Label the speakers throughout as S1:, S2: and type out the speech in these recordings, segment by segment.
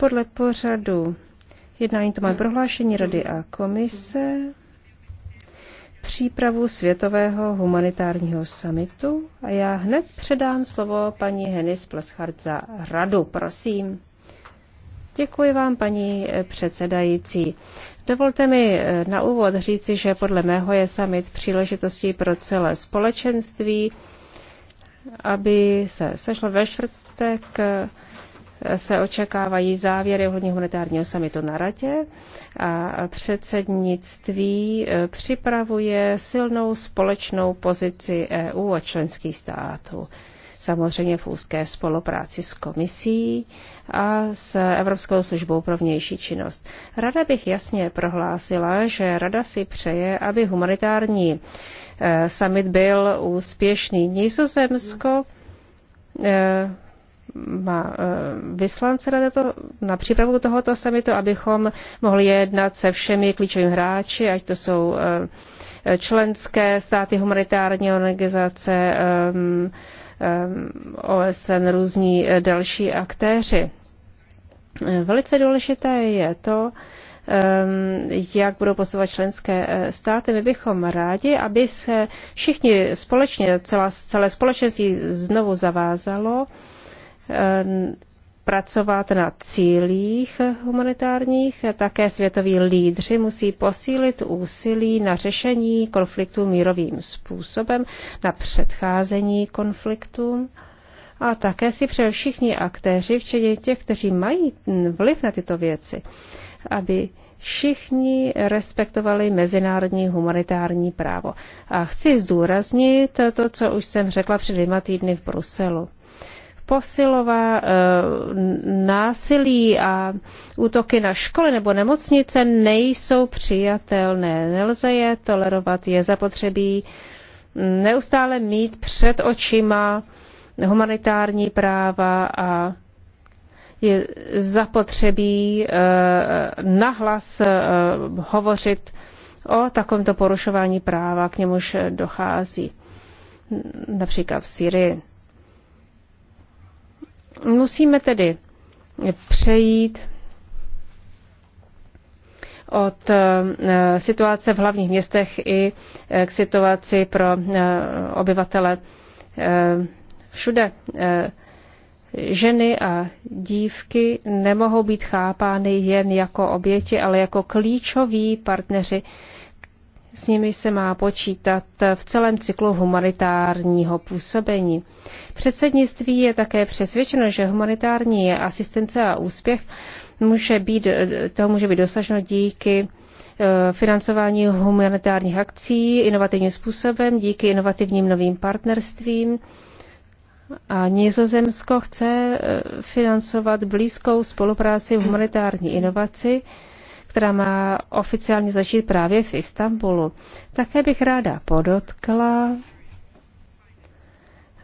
S1: Podle
S2: pořadu jednání to má prohlášení Rady a komise, přípravu Světového humanitárního samitu a já hned předám slovo paní Henis Pleschart za radu. Prosím. Děkuji vám, paní eh, předsedající. Dovolte mi eh, na úvod říci, že podle mého je summit příležitostí pro celé společenství, aby se sešlo ve čtvrtek eh, se očekávají závěry ohledně humanitárního samitu na Radě a předsednictví eh, připravuje silnou společnou pozici EU a členských států. Samozřejmě v úzké spolupráci s komisí a s Evropskou službou pro vnější činnost. Rada bych jasně prohlásila, že Rada si přeje, aby humanitární eh, summit byl úspěšný. Nizozemsko eh, má eh, vyslance na, to, na přípravu tohoto samitu, abychom mohli jednat se všemi klíčovými hráči, ať to jsou eh, členské státy humanitární organizace, eh, OSN, různí další aktéři. Velice důležité je to, jak budou posouvat členské státy. My bychom rádi, aby se všichni společně, celá, celé společenství znovu zavázalo, Eh, pracovat na cílích humanitárních. Také světoví lídři musí posílit úsilí na řešení konfliktu mírovým způsobem, na předcházení konfliktům. A také si přeje všichni aktéři, včetně těch, kteří mají vliv na tyto věci, aby všichni respektovali mezinárodní humanitární právo. A chci zdůraznit to, co už jsem řekla před dvěma týdny v Bruselu posilová eh, násilí a útoky na školy nebo nemocnice nejsou přijatelné. Nelze je tolerovat, je zapotřebí mm, neustále mít před očima humanitární práva a je zapotřebí eh, nahlas eh, hovořit o takovémto porušování práva, k němuž dochází například v Syrii. Musíme tedy přejít od eh, situace v hlavních městech i eh, k situaci pro eh, obyvatele všude. Ženy a dívky nemohou být chápány jen jako oběti, ale jako klíčoví partneři s nimi se má počítat v celém cyklu humanitárního působení. Předsednictví je také přesvědčeno, že humanitární je asistence a úspěch může být, to může být dosaženo díky eh, financování humanitárních akcí inovativním způsobem, díky inovativním novým partnerstvím. A Nizozemsko chce eh, financovat blízkou spolupráci v humanitární inovaci která má oficiálně začít právě v Istanbulu. Také bych ráda podotkla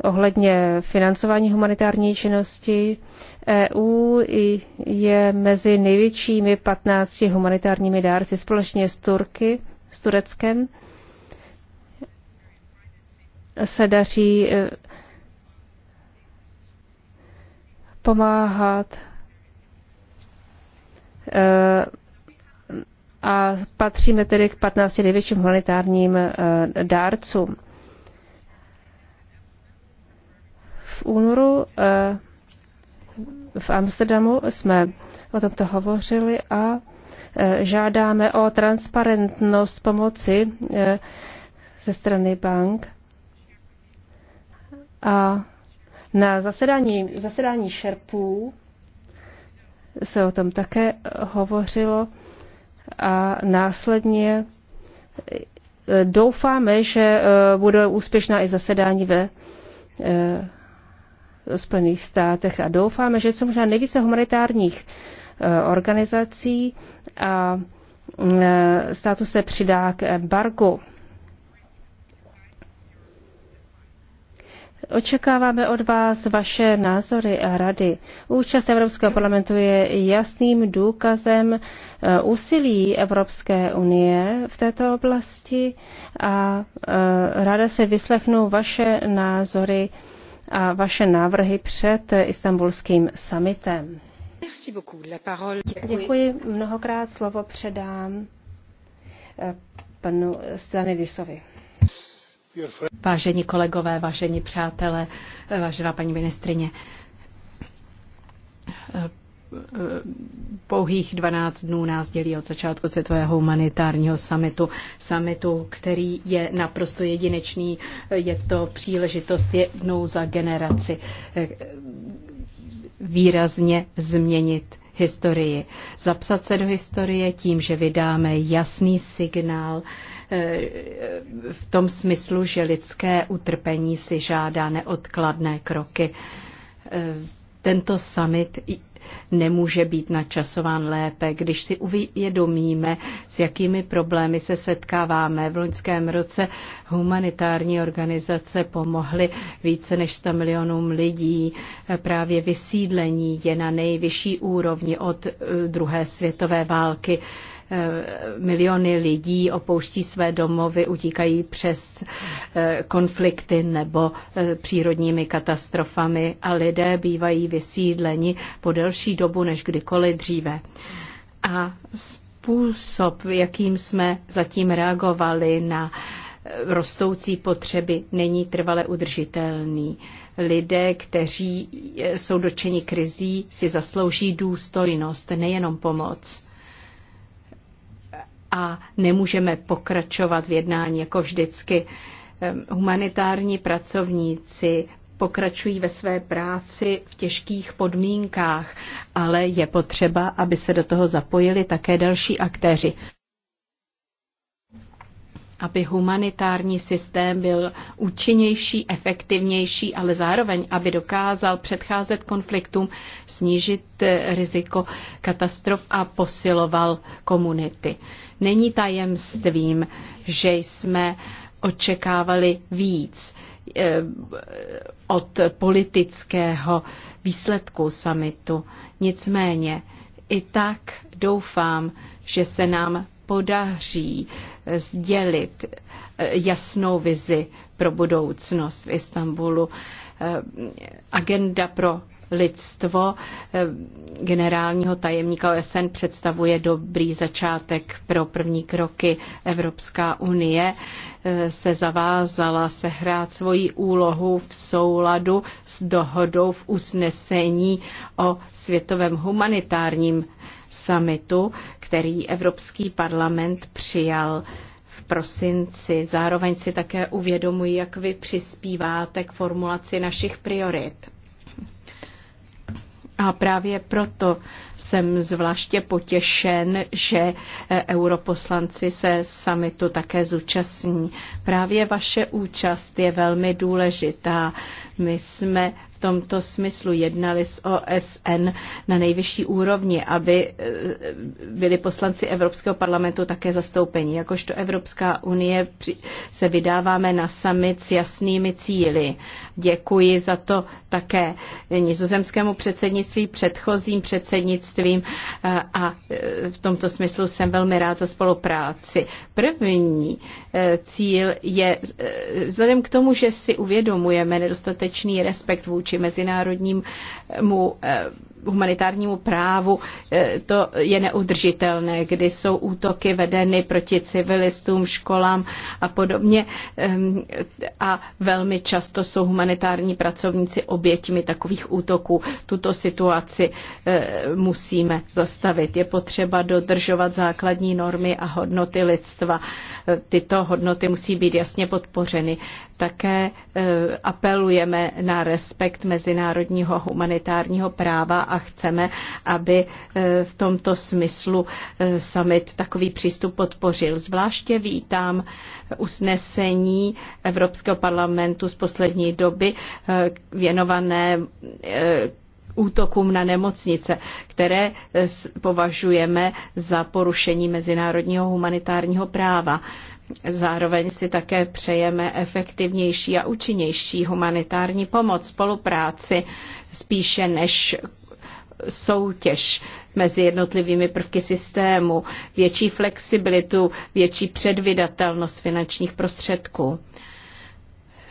S2: ohledně financování humanitární činnosti. EU je mezi největšími 15 humanitárními dárci společně s Turky, s Tureckem. Se daří e, pomáhat e, a patříme tedy k 15 největším humanitárním eh, dárcům. V únoru eh, v Amsterdamu jsme o tomto hovořili a eh, žádáme o transparentnost pomoci ze strany bank. A na zasedání, zasedání šerpů se o tom také hovořilo a následně e, doufáme, že e, bude úspěšná i zasedání ve e, Spojených státech a doufáme, že jsou možná nejvíce humanitárních organizací a státu se přidá k embargu. Očekáváme od vás vaše názory a rady. Účast Evropského parlamentu je jasným důkazem eh, úsilí Evropské unie v této oblasti a eh, ráda se vyslechnu vaše názory a vaše návrhy před istambulským summitem. Děkuji mnohokrát, slovo předám eh, panu Stanislavovi.
S3: Vážení kolegové, vážení přátelé, vážená paní ministrině, pouhých 12 dnů nás dělí od začátku světového humanitárního samitu. Samitu, který je naprosto jedinečný, je to příležitost jednou za generaci výrazně změnit historii. Zapsat se do historie tím, že vydáme jasný signál, E, v tom smyslu, že lidské utrpení si žádá neodkladné kroky. E, tento summit nemůže být načasován lépe, když si uvědomíme, s jakými problémy se setkáváme. V loňském roce humanitární organizace pomohly více než 100 milionům lidí. E, právě vysídlení je na nejvyšší úrovni od druhé světové války. Eh, miliony lidí opouští své domovy, utíkají přes eh, konflikty nebo eh, přírodními katastrofami a lidé bývají vysídleni po delší dobu než kdykoliv dříve. A způsob, jakým jsme zatím reagovali na rostoucí potřeby, není trvale udržitelný lidé, kteří jsou dočeni krizí, si zaslouží důstojnost, nejenom pomoc a nemůžeme pokračovat v jednání jako vždycky. Ehm, humanitární pracovníci pokračují ve své práci v těžkých podmínkách, ale je potřeba, aby se do toho zapojili také další aktéři aby humanitární systém byl účinnější, efektivnější, ale zároveň, aby dokázal předcházet konfliktům, snížit eh, riziko katastrof a posiloval komunity. Není tajemstvím, že jsme očekávali víc eh, od politického výsledku samitu. Nicméně i tak doufám, že se nám podaří sdělit eh, jasnou vizi pro budoucnost v Istanbulu. Eh, agenda pro lidstvo eh, generálního tajemníka OSN představuje dobrý začátek pro první kroky. Evropská unie eh, se zavázala sehrát svoji úlohu v souladu s dohodou v usnesení o světovém humanitárním summitu, který Evropský parlament přijal v prosinci. Zároveň si také uvědomuji, jak vy přispíváte k formulaci našich priorit. A právě proto jsem zvláště potěšen, že eh, europoslanci se samitu také zúčastní. Právě vaše účast je velmi důležitá. My jsme tomto smyslu jednali s OSN na nejvyšší úrovni, aby eh, byli poslanci Evropského parlamentu také zastoupeni. Jakožto Evropská unie se vydáváme na summit s jasnými cíly. Děkuji za to také nizozemskému předsednictví, předchozím předsednictvím eh, a eh, v tomto smyslu jsem velmi rád za spolupráci. První cíl je, vzhledem k tomu, že si uvědomujeme nedostatečný respekt vůči vůči mezinárodnímu eh, humanitárnímu právu. Eh, to je neudržitelné, kdy jsou útoky vedeny proti civilistům, školám a podobně. Ehm, a velmi často jsou humanitární pracovníci oběťmi takových útoků. Tuto situaci eh, musíme zastavit. Je potřeba dodržovat základní normy a hodnoty lidstva. Tyto hodnoty musí být jasně podpořeny. Také e, apelujeme na respekt mezinárodního humanitárního práva a chceme, aby e, v tomto smyslu e, summit takový přístup podpořil. Zvláště vítám usnesení Evropského parlamentu z poslední doby věnované útokům na nemocnice, které považujeme za porušení mezinárodního humanitárního práva. Zároveň si také přejeme efektivnější a účinnější humanitární pomoc, spolupráci spíše než soutěž mezi jednotlivými prvky systému, větší flexibilitu, větší předvydatelnost finančních prostředků.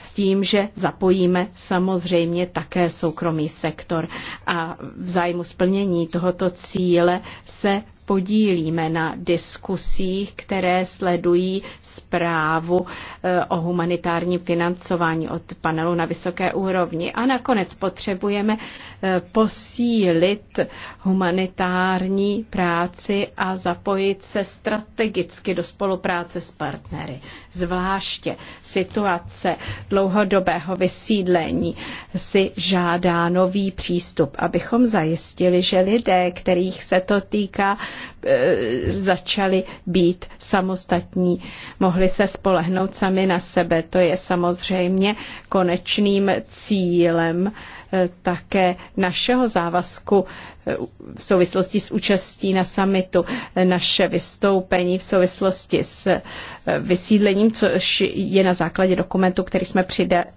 S3: S tím, že zapojíme samozřejmě také soukromý sektor. A v zájmu splnění tohoto cíle se podílíme na diskusích, které sledují zprávu eh, o humanitárním financování od panelu na vysoké úrovni. A nakonec potřebujeme eh, posílit humanitární práci a zapojit se strategicky do spolupráce s partnery. Zvláště situace dlouhodobého vysídlení si žádá nový přístup, abychom zajistili, že lidé, kterých se to týká, Eh, začali být samostatní, mohli se spolehnout sami na sebe. To je samozřejmě konečným cílem Eh, také našeho závazku eh, v souvislosti s účastí na samitu, eh, naše vystoupení v souvislosti s vysídlením, což je na základě dokumentu, který jsme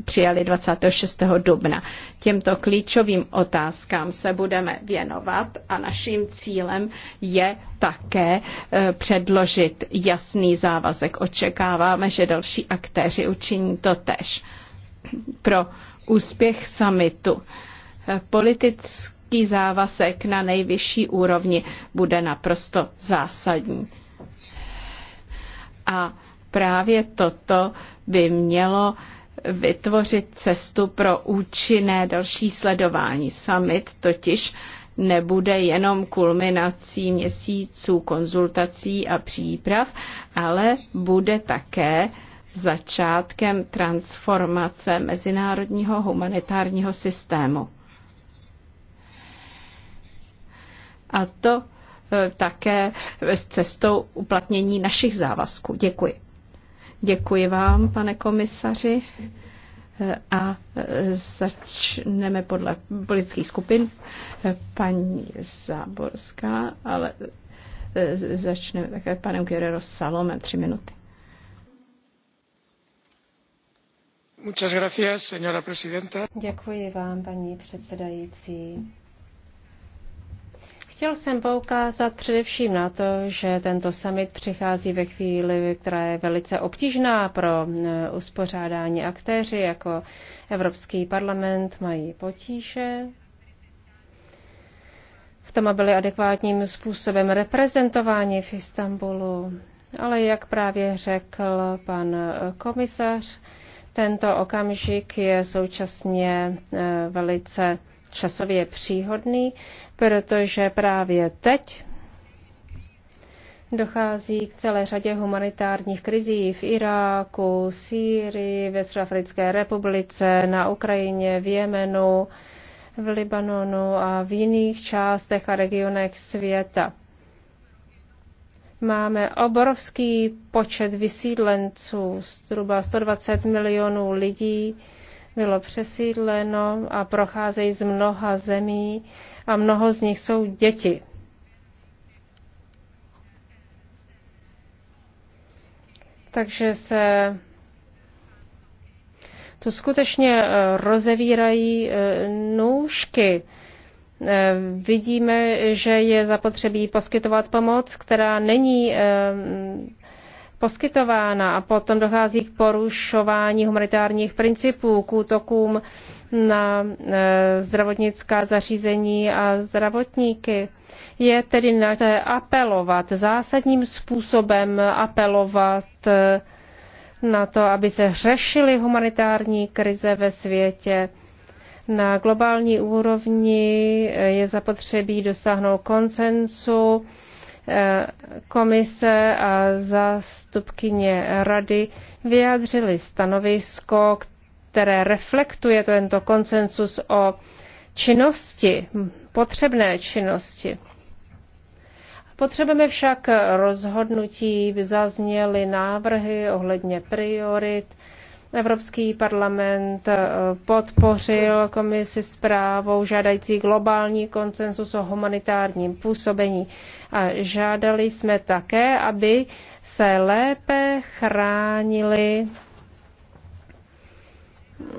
S3: přijali 26. dubna. Těmto klíčovým otázkám se budeme věnovat a naším cílem je také předložit jasný závazek. Očekáváme, že další aktéři učiní to tež. Pro úspěch summitu. Politický závazek na nejvyšší úrovni bude naprosto zásadní. A právě toto by mělo vytvořit cestu pro účinné další sledování. Summit totiž nebude jenom kulminací měsíců konzultací a příprav, ale bude také začátkem transformace mezinárodního humanitárního systému. A to e, také s cestou uplatnění našich závazků. Děkuji. Děkuji vám, pane komisaři. E, a e, začneme podle politických skupin. Paní Záborská, ale začneme také panem Guerrero Salome, tři minuty.
S2: Děkuji vám, paní předsedající. Chtěl jsem poukázat především na to, že tento summit přichází ve chvíli, která je velice obtížná pro e, uspořádání aktéři, jako Evropský parlament mají potíže v tom, aby byli adekvátním způsobem reprezentováni v Istanbulu. Ale jak právě řekl pan e, komisař, tento okamžik je současně eh, velice časově příhodný, protože právě teď dochází k celé řadě humanitárních krizí v Iráku, Sýrii, ve Středoafrické republice, na Ukrajině, v Jemenu, v Libanonu a v jiných částech a regionech světa. Máme obrovský počet vysídlenců, zhruba 120 milionů lidí bylo přesídleno a procházejí z mnoha zemí a mnoho z nich jsou děti. Takže se tu skutečně eh, rozevírají eh, nůžky Eh, vidíme, že je zapotřebí poskytovat pomoc, která není eh, poskytována a potom dochází k porušování humanitárních principů, k útokům na eh, zdravotnická zařízení a zdravotníky. Je tedy na apelovat, zásadním způsobem apelovat na to, aby se řešily humanitární krize ve světě na globální úrovni eh, je zapotřebí dosáhnout koncensu eh, komise a zástupkyně rady vyjádřili stanovisko, které reflektuje tento konsensus o činnosti, potřebné činnosti. Potřebujeme však rozhodnutí, zazněly návrhy ohledně priorit Evropský parlament eh, podpořil komisi zprávou žádající globální koncensus o humanitárním působení a žádali jsme také, aby se lépe chránili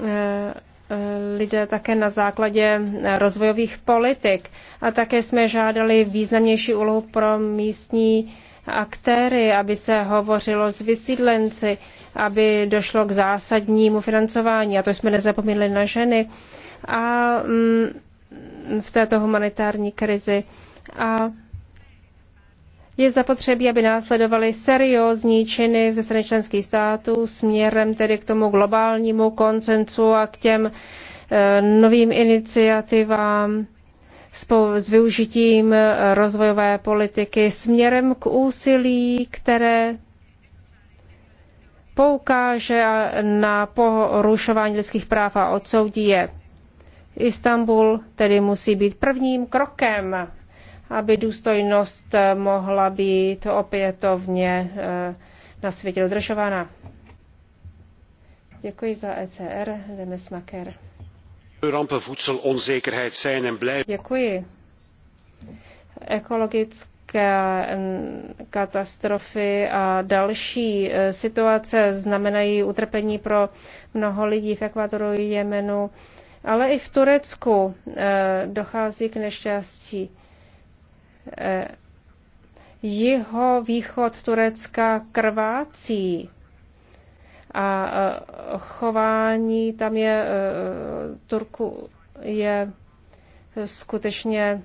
S2: eh, eh, lidé také na základě rozvojových politik. A také jsme žádali významnější úlohu pro místní aktéry, aby se hovořilo s vysídlenci, aby došlo k zásadnímu financování, a to jsme nezapomněli na ženy, a mm, v této humanitární krizi. A je zapotřebí, aby následovaly seriózní činy ze strany členských států směrem tedy k tomu globálnímu koncensu a k těm e, novým iniciativám s využitím eh, rozvojové politiky směrem k úsilí, které poukáže na porušování lidských práv a odsoudí je. Istanbul tedy musí být prvním krokem, aby důstojnost eh, mohla být opětovně eh, na světě dodržována. Děkuji za ECR, Demis Maker.
S1: Rampen voedselonzekerheid zijn en blijven.
S2: Děkuji. Ekologické katastrofy a další e, situace znamenají utrpení pro mnoho lidí v Ekvadoru, Jemenu, ale i v Turecku e, dochází k nešťastí e, jihovýchod Turecka krvácí a e, chování tam je e, Turku je skutečně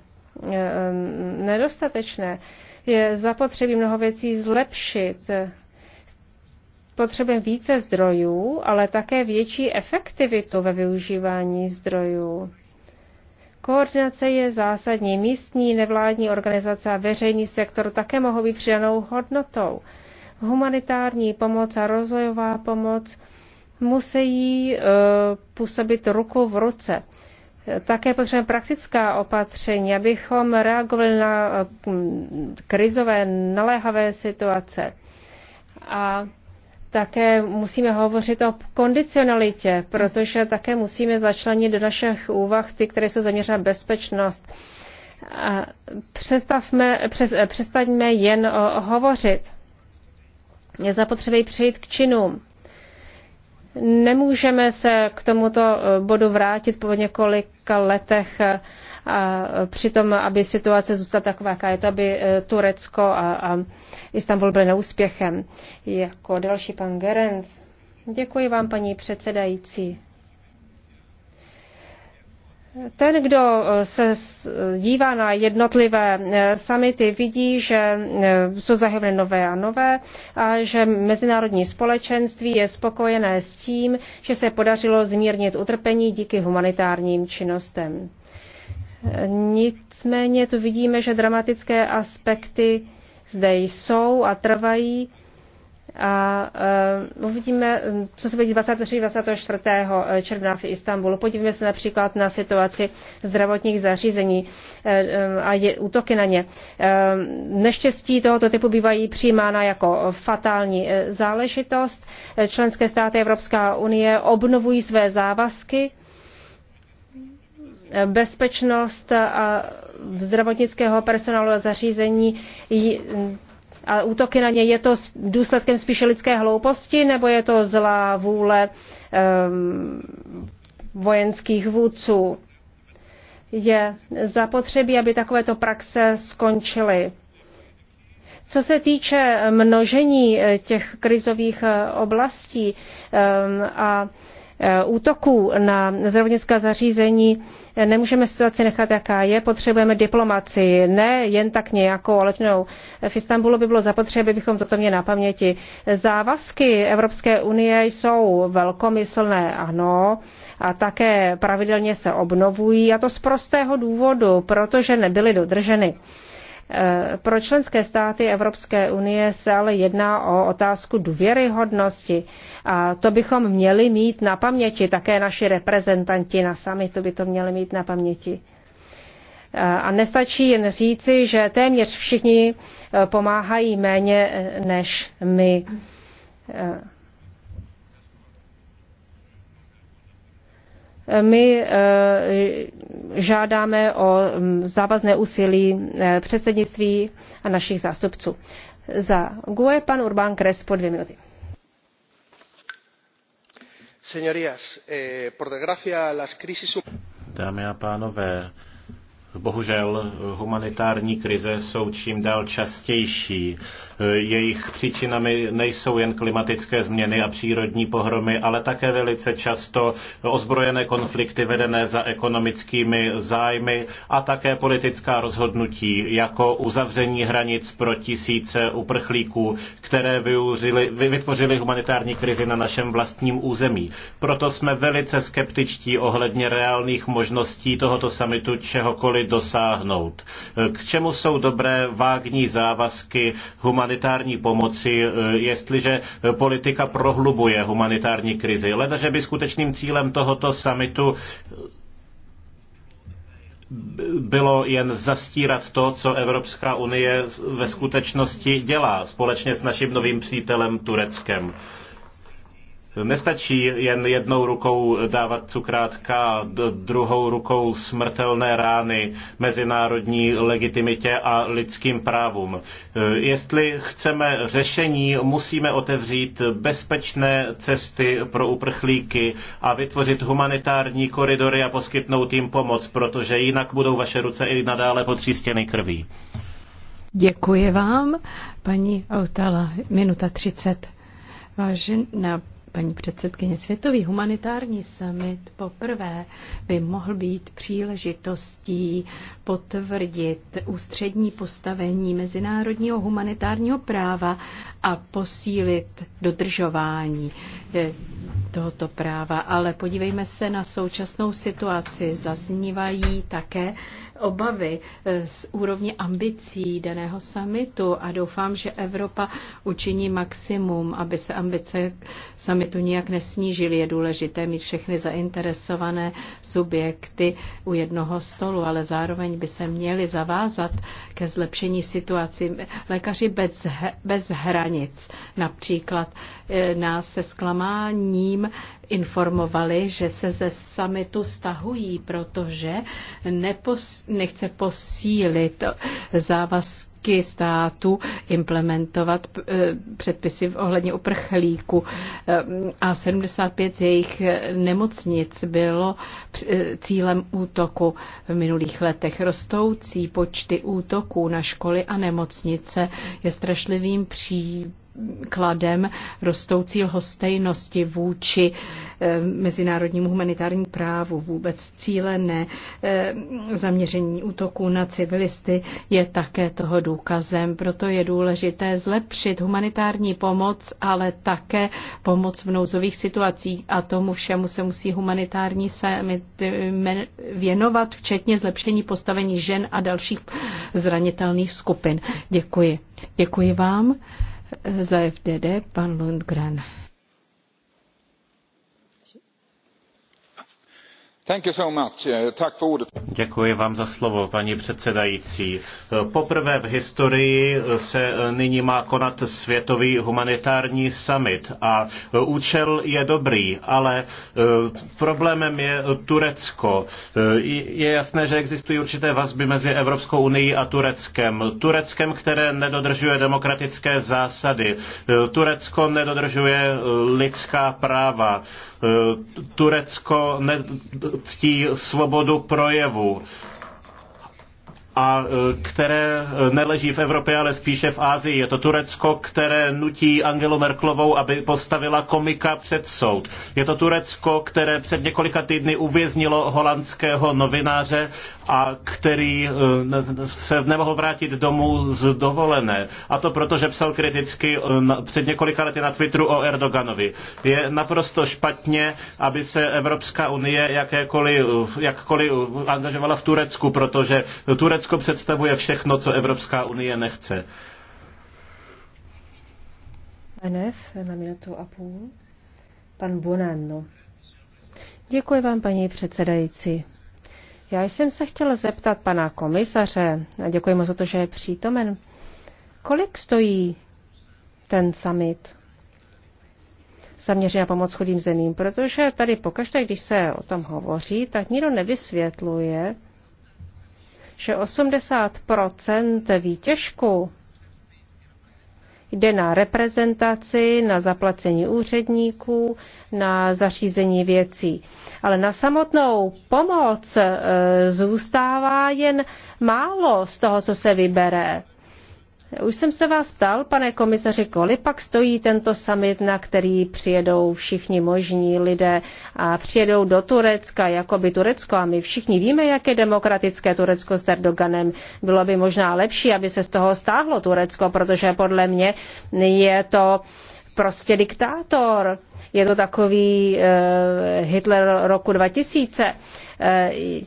S2: e, nedostatečné. Je zapotřebí mnoho věcí zlepšit. Potřebujeme více zdrojů, ale také větší efektivitu ve využívání zdrojů. Koordinace je zásadní. Místní nevládní organizace a veřejný sektor také mohou být přidanou hodnotou. Humanitární pomoc a rozvojová pomoc musí e, působit ruku v ruce. Také potřebujeme praktická opatření, abychom reagovali na e, krizové, naléhavé situace. A také musíme hovořit o kondicionalitě, protože také musíme začlenit do našich úvah ty, které jsou zaměřené na bezpečnost. Přestavme, přes, přestaňme jen hovořit je zapotřebí přejít k činům. Nemůžeme se k tomuto eh, bodu vrátit po několika letech eh, a přitom, aby situace zůstala taková, jaká je to, aby eh, Turecko a, a Istanbul byly neúspěchem. Jako další pan Gerenc. Děkuji vám, paní předsedající. Ten, kdo eh, se dívá na jednotlivé eh, samity, vidí, že eh, jsou zahybny nové a nové a že mezinárodní společenství je spokojené s tím, že se podařilo zmírnit utrpení díky humanitárním činnostem. Nicméně tu vidíme, že dramatické aspekty zde jsou a trvají a uh, uvidíme, co se bude 23. 24. Eh, června v Istanbulu. Podívejme se například na situaci zdravotních zařízení uh, a je, útoky na ně. Uh, neštěstí tohoto typu bývají přijímána jako fatální záležitost. Členské státy Evropská unie obnovují své závazky bezpečnost a zdravotnického personálu a zařízení a útoky na ně, je to důsledkem spíše lidské hlouposti nebo je to zlá vůle um, vojenských vůdců? Je zapotřebí, aby takovéto praxe skončily. Co se týče množení eh, těch krizových eh, oblastí ehm, a eh, útoků na zdravotnická zařízení, Nemůžeme situaci nechat, jaká je, potřebujeme diplomacii, ne jen tak nějakou letnou. V Istanbulu by bylo zapotřebí, abychom toto měli na paměti. Závazky Evropské unie jsou velkomyslné, ano, a také pravidelně se obnovují, a to z prostého důvodu, protože nebyly dodrženy. Eh, pro členské státy Evropské unie se ale jedná o otázku důvěryhodnosti a to bychom měli mít na paměti, také naši reprezentanti na summitu by to měli mít na paměti. Eh, a nestačí jen říci, že téměř všichni eh, pomáhají méně než my. My eh, žádáme o mm, závazné úsilí eh, předsednictví a našich zástupců. Za GUE pan Urbán Kres po dvě minuty. Eh, por desgracia las crisis...
S1: Dámy a pánové, Bohužel humanitární krize jsou čím dál častější. Jejich příčinami nejsou jen klimatické změny a přírodní pohromy, ale také velice často ozbrojené konflikty vedené za ekonomickými zájmy a také politická rozhodnutí, jako uzavření hranic pro tisíce uprchlíků, které vytvořily vytvořili humanitární krizi na našem vlastním území. Proto jsme velice skeptičtí ohledně reálných možností tohoto samitu čehokoliv dosáhnout. K čemu jsou dobré vágní závazky humanitární pomoci, eh, jestliže politika prohlubuje humanitární krizi? Ledaže by skutečným cílem tohoto samitu bylo jen zastírat to, co Evropská unie ve skutečnosti dělá společně s naším novým přítelem Tureckem. Nestačí jen jednou rukou dávat cukrátka, druhou rukou smrtelné rány mezinárodní legitimitě a lidským právům. E, jestli chceme řešení, musíme otevřít bezpečné cesty pro uprchlíky a vytvořit humanitární koridory a poskytnout jim pomoc, protože jinak budou vaše ruce i nadále potřístěny krví.
S3: Děkuji vám, paní Autala. Minuta 30. Vážená paní předsedkyně. Světový humanitární summit poprvé by mohl být příležitostí potvrdit ústřední postavení mezinárodního humanitárního práva a posílit dodržování eh, tohoto práva. Ale podívejme se na současnou situaci. Zaznívají také obavy eh, z úrovně ambicí daného samitu a doufám, že Evropa učiní maximum, aby se ambice samitu nijak nesnížily. Je důležité mít všechny zainteresované subjekty u jednoho stolu, ale zároveň by se měli zavázat ke zlepšení situaci. Lékaři bez, bez hranic například eh, nás se zklamáním informovali, že se ze samitu stahují, protože nepos, nechce posílit závazky státu implementovat eh, předpisy ohledně uprchlíku. Eh, a 75 z jejich nemocnic bylo eh, cílem útoku v minulých letech. Rostoucí počty útoků na školy a nemocnice je strašlivým pří kladem rostoucí lhostejnosti vůči eh, mezinárodnímu humanitárnímu právu. Vůbec cílené eh, zaměření útoků na civilisty je také toho důkazem. Proto je důležité zlepšit humanitární pomoc, ale také pomoc v nouzových situacích. A tomu všemu se musí humanitární summit věnovat, včetně zlepšení postavení žen a dalších zranitelných skupin. Děkuji. Děkuji vám za FDD pan Lundgren.
S1: Eh, Děkuji vám za slovo, paní předsedající. Eh, poprvé v historii se eh, nyní má konat světový humanitární summit a účel je dobrý, ale problémem je Turecko. Je jasné, že existují určité vazby mezi Evropskou unii a Tureckem. Tureckem, které nedodržuje demokratické zásady. Turecko nedodržuje lidská práva Eh, Turecko ctí svobodu projevu a eh, které neleží v Evropě, ale spíše v Asii. Je to Turecko, které nutí Angelu Merklovou, aby postavila komika před soud. Je to Turecko, které před několika týdny uvěznilo holandského novináře a který eh, se nemohl vrátit domů z dovolené. A to proto, že psal kriticky eh, před několika lety na Twitteru o Erdoganovi. Je naprosto špatně, aby se Evropská unie jakékoliv, eh, jakkoliv angažovala v Turecku, protože Turecko představuje všechno, co Evropská unie nechce.
S2: NF na minutu a půl. Pan Bonanno. Děkuji vám, paní předsedající. Já jsem se chtěla zeptat pana komisaře, a děkuji mu za to, že je přítomen, kolik stojí ten summit zaměřený na pomoc chudým zemím, protože tady pokaždé, když se o tom hovoří, tak nikdo nevysvětluje, že 80% výtěžku Jde na reprezentaci, na zaplacení úředníků, na zařízení věcí. Ale na samotnou pomoc e, zůstává jen málo z toho, co se vybere. Už jsem se vás ptal, pane komisaři, kolik pak stojí tento summit, na který přijedou všichni možní lidé a přijedou do Turecka, jako by Turecko, a my všichni víme, jak je demokratické Turecko s Erdoganem. Bylo by možná lepší, aby se z toho stáhlo Turecko, protože podle mě je to prostě diktátor. Je to takový uh, Hitler roku 2000. Uh,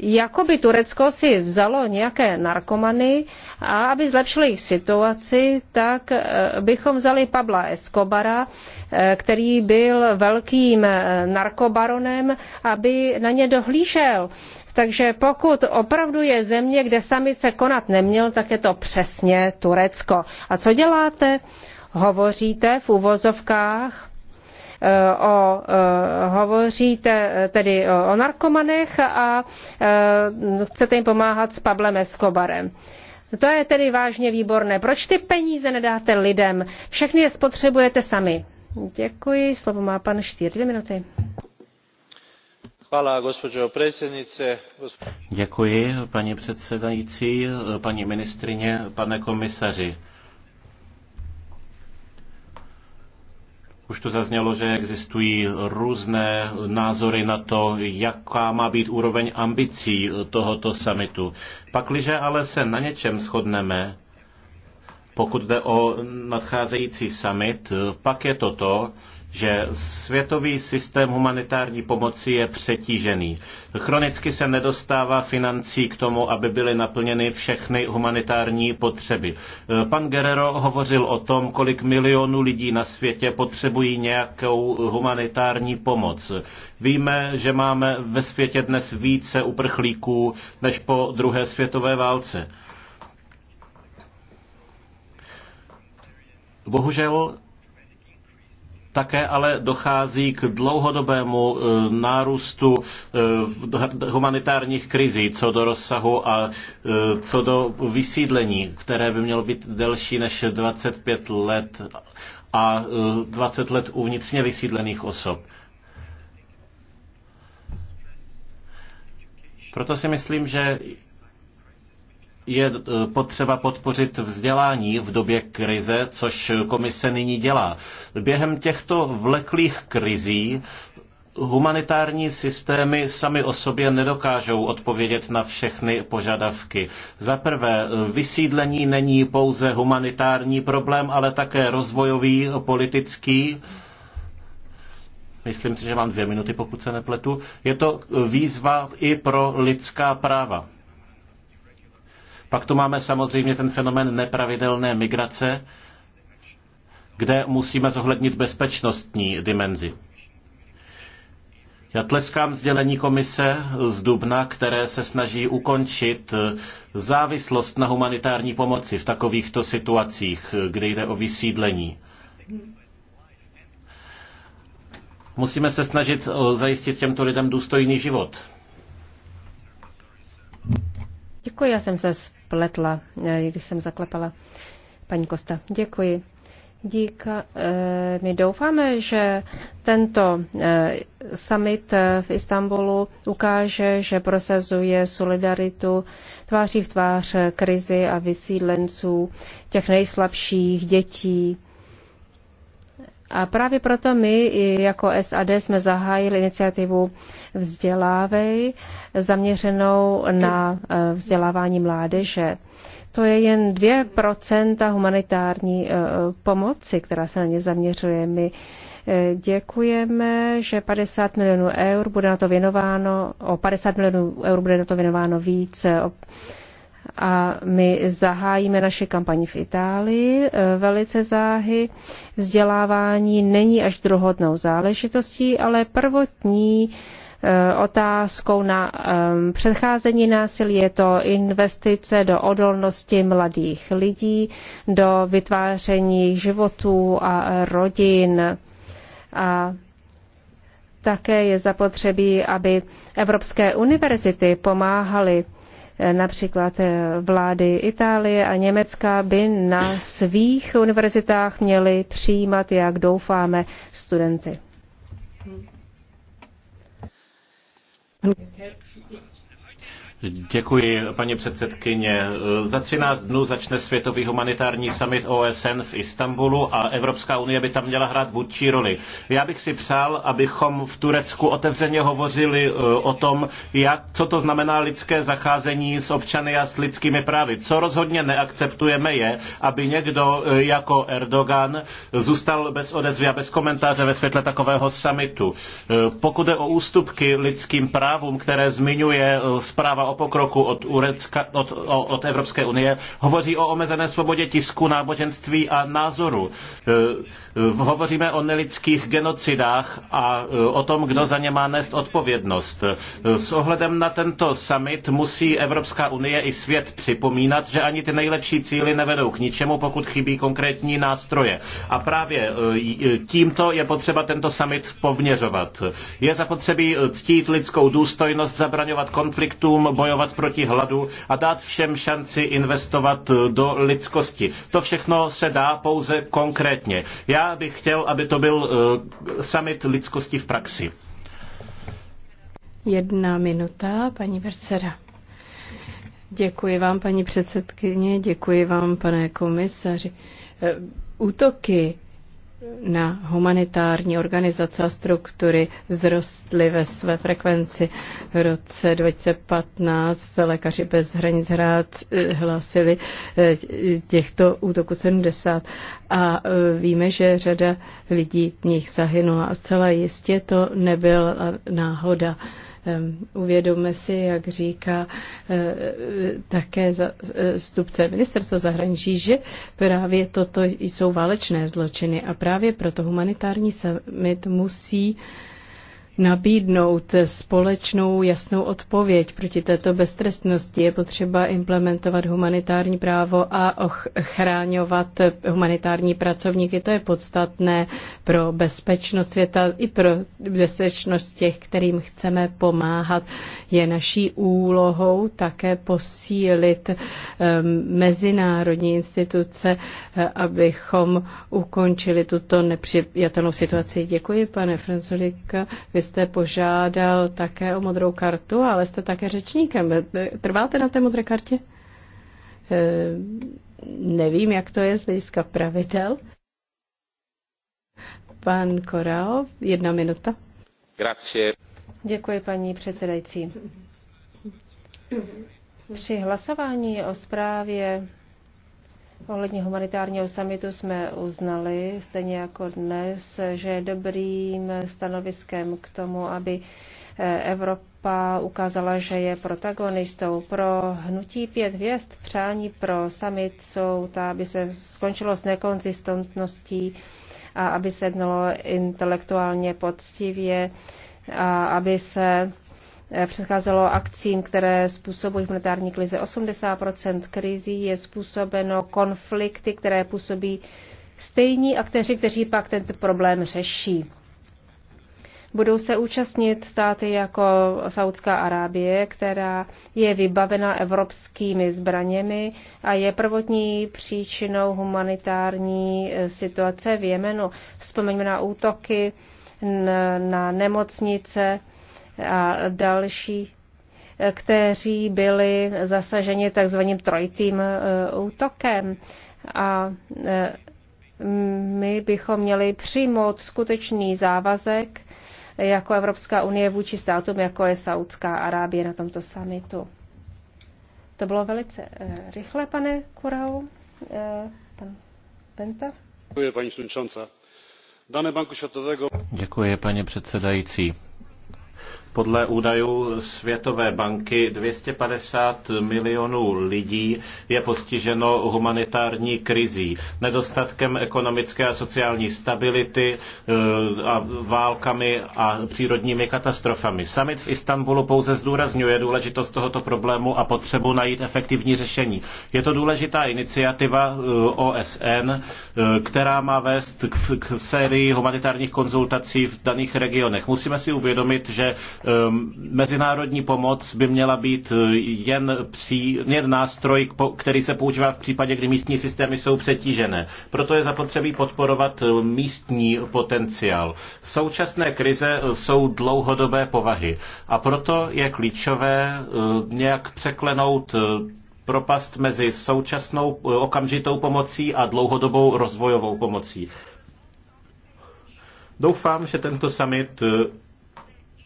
S2: jako by Turecko si vzalo nějaké narkomany a aby zlepšili jejich situaci, tak eh, bychom vzali Pabla Escobara, eh, který byl velkým eh, narkobaronem, aby na ně dohlížel. Takže pokud opravdu je země, kde samice konat neměl, tak je to přesně Turecko. A co děláte? Hovoříte v uvozovkách o, hovoříte tedy o, narkomanech a e, chcete jim pomáhat s Pablem Escobarem. To je tedy vážně výborné. Proč ty peníze nedáte lidem? Všechny je spotřebujete sami. Děkuji. Slovo má pan Štýr. Dvě minuty.
S1: Děkuji, paní předsedající, paní ministrině, pane komisaři Už to zaznělo, že existují různé názory na to, jaká má být úroveň ambicí tohoto summitu. Pakliže ale se na něčem shodneme, pokud jde o nadcházející summit, pak je to to, že světový systém humanitární pomoci je přetížený. Chronicky se nedostává financí k tomu, aby byly naplněny všechny humanitární potřeby. Pan Guerrero hovořil o tom, kolik milionů lidí na světě potřebují nějakou humanitární pomoc. Víme, že máme ve světě dnes více uprchlíků než po druhé světové válce. Bohužel také ale dochází k dlouhodobému eh, nárůstu eh, humanitárních krizí co do rozsahu a eh, co do vysídlení, které by mělo být delší než 25 let a 20 let uvnitřně vysídlených osob. Proto si myslím, že je eh, potřeba podpořit vzdělání v době krize, což komise nyní dělá. Během těchto vleklých krizí humanitární systémy sami o sobě nedokážou odpovědět na všechny požadavky. Za prvé, vysídlení není pouze humanitární problém, ale také rozvojový, politický. Myslím si, že mám dvě minuty, pokud se nepletu. Je to výzva i pro lidská práva. Pak tu máme samozřejmě ten fenomén nepravidelné migrace, kde musíme zohlednit bezpečnostní dimenzi. Já tleskám sdělení komise z Dubna, které se snaží ukončit závislost na humanitární pomoci v takovýchto situacích, kde jde o vysídlení. Musíme se snažit eh, zajistit těmto lidem důstojný život.
S2: Děkuji, já jsem se spletla, eh, když jsem zaklepala. Paní Kosta, děkuji. Dík. Eh, my doufáme, že tento eh, summit v Istanbulu ukáže, že prosazuje solidaritu tváří v tvář krizi a vysídlenců, těch nejslabších dětí, a právě proto my jako SAD jsme zahájili iniciativu Vzdělávej, zaměřenou na eh, vzdělávání mládeže. To je jen 2% humanitární eh, pomoci, která se na ně zaměřuje. My eh, děkujeme, že 50 milionů eur bude na to věnováno, o 50 milionů eur bude na to věnováno více a my zahájíme naše kampaň v Itálii e, velice záhy. Vzdělávání není až druhodnou záležitostí, ale prvotní e, otázkou na e, předcházení násilí je to investice do odolnosti mladých lidí, do vytváření životů a rodin. A také je zapotřebí, aby evropské univerzity pomáhaly Například eh, vlády Itálie a Německa by na svých univerzitách měly přijímat, jak doufáme, studenty. Hmm.
S1: Děkuji, paní předsedkyně. Za 13 dnů začne Světový humanitární summit OSN v Istanbulu a Evropská unie by tam měla hrát vůdčí roli. Já bych si přál, abychom v Turecku otevřeně hovořili eh, o tom, jak, co to znamená lidské zacházení s občany a s lidskými právy. Co rozhodně neakceptujeme je, aby někdo eh, jako Erdogan zůstal bez odezvy a bez komentáře ve světle takového summitu. Eh, pokud je o ústupky lidským právům, které zmiňuje zpráva o pokroku od, Urecka, od, od Evropské unie, hovoří o omezené svobodě tisku, náboženství a názoru. E, e, hovoříme o nelidských genocidách a e, o tom, kdo za ně má nést odpovědnost. S ohledem na tento summit musí Evropská unie i svět připomínat, že ani ty nejlepší cíly nevedou k ničemu, pokud chybí konkrétní nástroje. A právě tímto je potřeba tento summit poměřovat. Je zapotřebí ctít lidskou důstojnost, zabraňovat konfliktům, bojovat proti hladu a dát všem šanci investovat do lidskosti. To všechno se dá pouze konkrétně. Já bych chtěl, aby to byl eh, summit lidskosti v praxi.
S3: Jedna minuta, paní Bercera. Děkuji vám, paní předsedkyně, děkuji vám, pane komisaři. Eh, útoky na humanitární organizace a struktury vzrostly ve své frekvenci. V roce 2015 lékaři bez hranic hrát eh, hlásili eh, těchto útoků 70 a eh, víme, že řada lidí v nich zahynula a celé jistě to nebyla náhoda. Uvědomme si, jak říká eh, také eh, stupce ministerstva zahraničí, že právě toto jsou válečné zločiny a právě proto humanitární summit musí uh, nabídnout společnou jasnou odpověď proti této beztrestnosti. Je potřeba implementovat humanitární právo a ochráňovat humanitární pracovníky. To je podstatné pro bezpečnost světa i pro bezpečnost těch, kterým chceme pomáhat. Je naší úlohou také posílit ehm, mezinárodní instituce, eh, abychom ukončili tuto nepřijatelnou situaci. Děkuji, pane Franzolika. Vy byste jste požádal také o modrou kartu, ale jste také řečníkem. Trváte na té modré kartě? Eh, nevím, jak to je z hlediska pravidel. Pan Korao, jedna minuta. Grazie. Děkuji, paní předsedající.
S2: Při hlasování o zprávě Ohledně humanitárního samitu jsme uznali, stejně jako dnes, že je dobrým stanoviskem k tomu, aby eh, Evropa ukázala, že je protagonistou. Pro hnutí pět hvězd přání pro summit jsou ta, aby se skončilo s nekonzistentností a aby se jednalo intelektuálně poctivě a aby se Eh, předcházelo akcím, které způsobují humanitární krize. 80 krizí je způsobeno konflikty, které působí stejní aktéři, kteří pak tento problém řeší. Budou se účastnit státy jako Saudská Arábie, která je vybavena evropskými zbraněmi a je prvotní příčinou humanitární eh, situace v Jemenu. Vzpomeňme na útoky na nemocnice, a další, eh, kteří byli zasaženi takzvaným trojitým eh, útokem. A eh, my bychom měli přijmout skutečný závazek jako Evropská unie vůči státům, jako je Saudská Arábie na tomto samitu. To bylo velice rychle, pane Kurau. Pan Penta.
S1: Děkuji, paní předsedající. Dane Banku Světového... Děkuji, paní předsedající. Podle údajů Světové banky 250 milionů lidí je postiženo humanitární krizí, nedostatkem ekonomické a sociální stability eh, a válkami a přírodními katastrofami. Summit v Istanbulu pouze zdůrazňuje důležitost tohoto problému a potřebu najít efektivní řešení. Je to důležitá iniciativa eh, OSN, eh, která má vést k sérii humanitárních konzultací v daných regionech. Musíme si uvědomit, že Ehm, mezinárodní pomoc by měla být eh, jen, jen nástroj, který se používá v případě, kdy místní systémy jsou přetížené. Proto je zapotřebí podporovat eh, místní potenciál. Současné krize eh, jsou dlouhodobé povahy a proto je klíčové nějak překlenout propast mezi současnou okamžitou pomocí a dlouhodobou rozvojovou pomocí. Doufám, že tento summit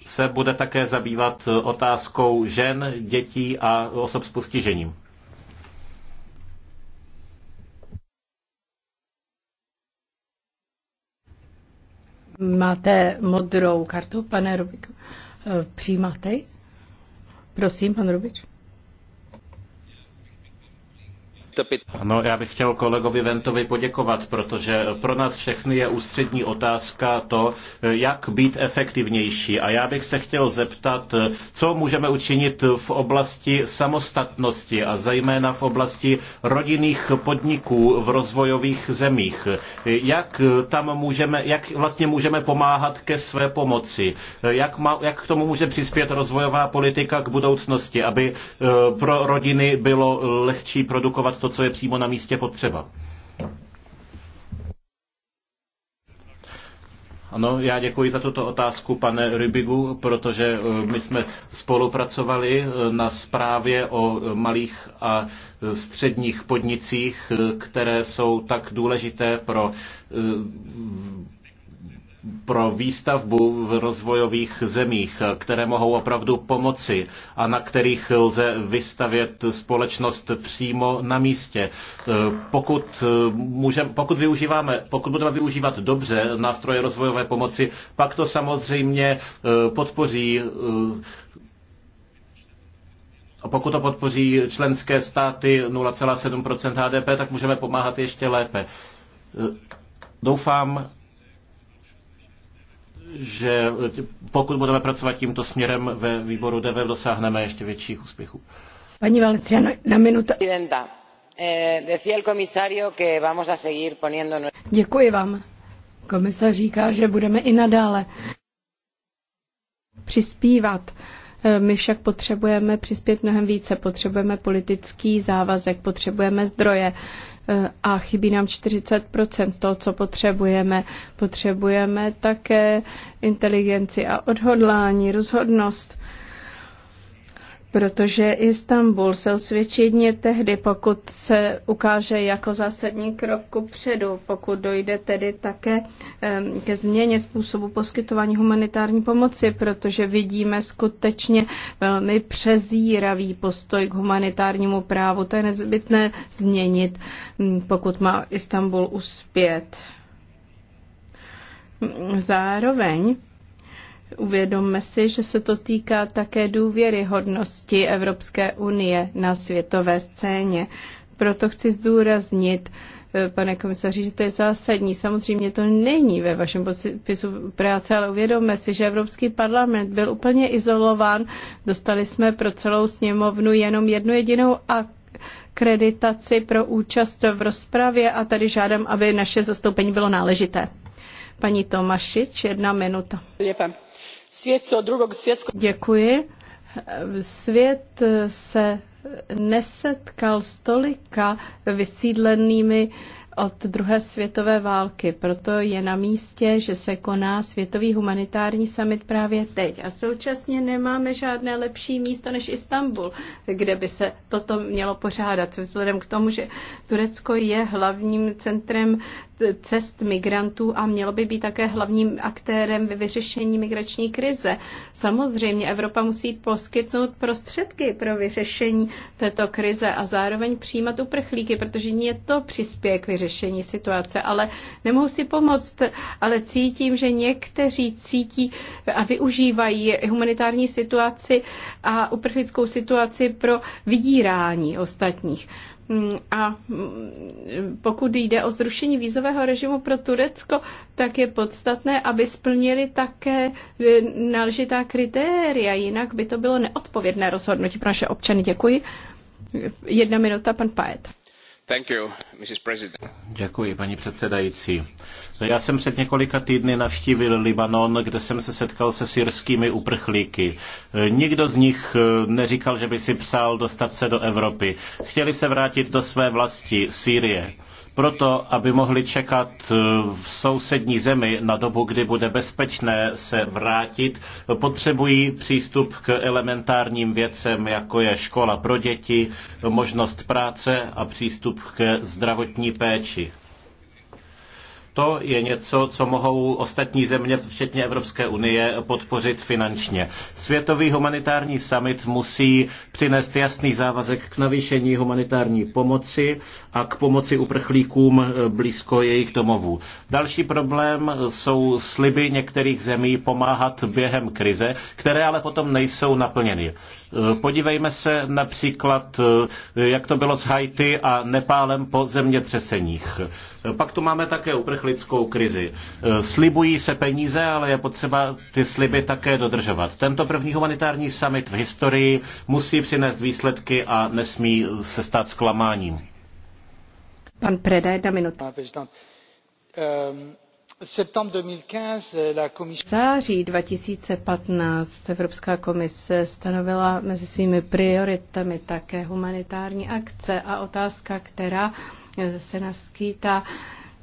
S1: se bude také zabývat otázkou žen, dětí a osob s postižením.
S3: Máte modrou kartu, pane Rubik? E, přijímáte? Prosím, pan Rubič.
S1: No, já bych chtěl kolegovi Ventovi poděkovat, protože pro nás všechny je ústřední otázka to, jak být efektivnější. A já bych se chtěl zeptat, co můžeme učinit v oblasti samostatnosti a zejména v oblasti rodinných podniků v rozvojových zemích. Jak tam můžeme, jak vlastně můžeme pomáhat ke své pomoci? Jak, jak k tomu může přispět rozvojová politika k budoucnosti, aby eh, pro rodiny bylo lehčí produkovat to to, co je přímo na místě potřeba. Ano, já děkuji za tuto otázku, pane Rybigu, protože eh, my jsme spolupracovali eh, na zprávě o malých a středních podnicích, eh, které jsou tak důležité pro pro výstavbu v rozvojových zemích, které mohou opravdu pomoci a na kterých lze vystavět společnost přímo na místě. Pokud, můžem, pokud, využíváme, pokud budeme využívat dobře nástroje rozvojové pomoci, pak to samozřejmě eh, podpoří eh, a pokud to podpoří členské státy 0,7 HDP, tak můžeme pomáhat ještě lépe. Eh, doufám, že eh, pokud budeme pracovat tímto směrem ve výboru DV, dosáhneme ještě větších úspěchů.
S3: Paní Valenciano, na minutu. Eh, Děkuji vám. Komisař říká, že budeme i nadále přispívat. Eh, my však potřebujeme přispět mnohem více, potřebujeme politický závazek, potřebujeme zdroje a chybí nám 40 toho, co potřebujeme. Potřebujeme také inteligenci a odhodlání, rozhodnost protože Istanbul se osvědčí tehdy, pokud se ukáže jako zásadní krok ku předu, pokud dojde tedy také ke změně způsobu poskytování humanitární pomoci, protože vidíme skutečně velmi přezíravý postoj k humanitárnímu právu. To je nezbytné změnit, pokud má Istanbul uspět. Zároveň Uvědomme si, že se to týká také důvěryhodnosti Evropské unie na světové scéně. Proto chci zdůraznit, eh, pane komisaři, že to je zásadní. Samozřejmě to není ve vašem podpisu práce, ale uvědomme si, že Evropský parlament byl úplně izolován. Dostali jsme pro celou sněmovnu jenom jednu jedinou a kreditaci pro účast v rozpravě a tady žádám, aby naše zastoupení bylo náležité. Paní Tomašič, jedna minuta. Děkujeme svět se od druhého světského... Děkuji. Svět se nesetkal s tolika vysídlenými od druhé světové války. Proto je na místě, že se koná Světový humanitární summit právě teď. A současně nemáme žádné lepší místo než Istanbul, kde by se toto mělo pořádat. Vzhledem k tomu, že Turecko je hlavním centrem cest migrantů a mělo by být také hlavním aktérem ve vyřešení migrační krize. Samozřejmě Evropa musí poskytnout prostředky pro vyřešení této krize a zároveň přijímat uprchlíky, protože je to přispěje k vyřešení řešení situace, ale nemohu si pomoct, ale cítím, že někteří cítí a využívají humanitární situaci a uprchlickou situaci pro vydírání ostatních. Mm, a mm, pokud jde o zrušení vízového režimu pro Turecko, tak je podstatné, aby splnili také e, náležitá kritéria, jinak by to bylo neodpovědné rozhodnutí pro naše občany. Děkuji. Jedna minuta, pan Paet.
S1: Děkuji, paní předsedající. No, já jsem před několika týdny navštívil Libanon, kde jsem se setkal se syrskými uprchlíky. E, nikdo z nich e, neříkal, že by si přál dostat se do Evropy. Chtěli se vrátit do své vlasti, Sýrie proto, aby mohli čekat eh, v sousední zemi na dobu, kdy bude bezpečné se vrátit, potřebují přístup k elementárním věcem, jako je škola pro děti, možnost práce a přístup k zdravotní péči to je něco, co mohou ostatní země, včetně Evropské unie, podpořit finančně. Světový humanitární summit musí přinést jasný závazek k navýšení humanitární pomoci a k pomoci uprchlíkům blízko jejich domovů. Další problém jsou sliby některých zemí pomáhat během krize, které ale potom nejsou naplněny. Podívejme se například, jak to bylo s Haiti a Nepálem po zemětřeseních. Pak tu máme také uprchlíky uprchlickou krizi. E, slibují se peníze, ale je potřeba ty sliby také dodržovat. Tento první humanitární summit v historii musí přinést výsledky a nesmí se stát zklamáním.
S3: Pan Preda, jedna minuta. Ehm, v září 2015 Evropská komise stanovila mezi svými prioritami také humanitární akce a otázka, která se naskýtá,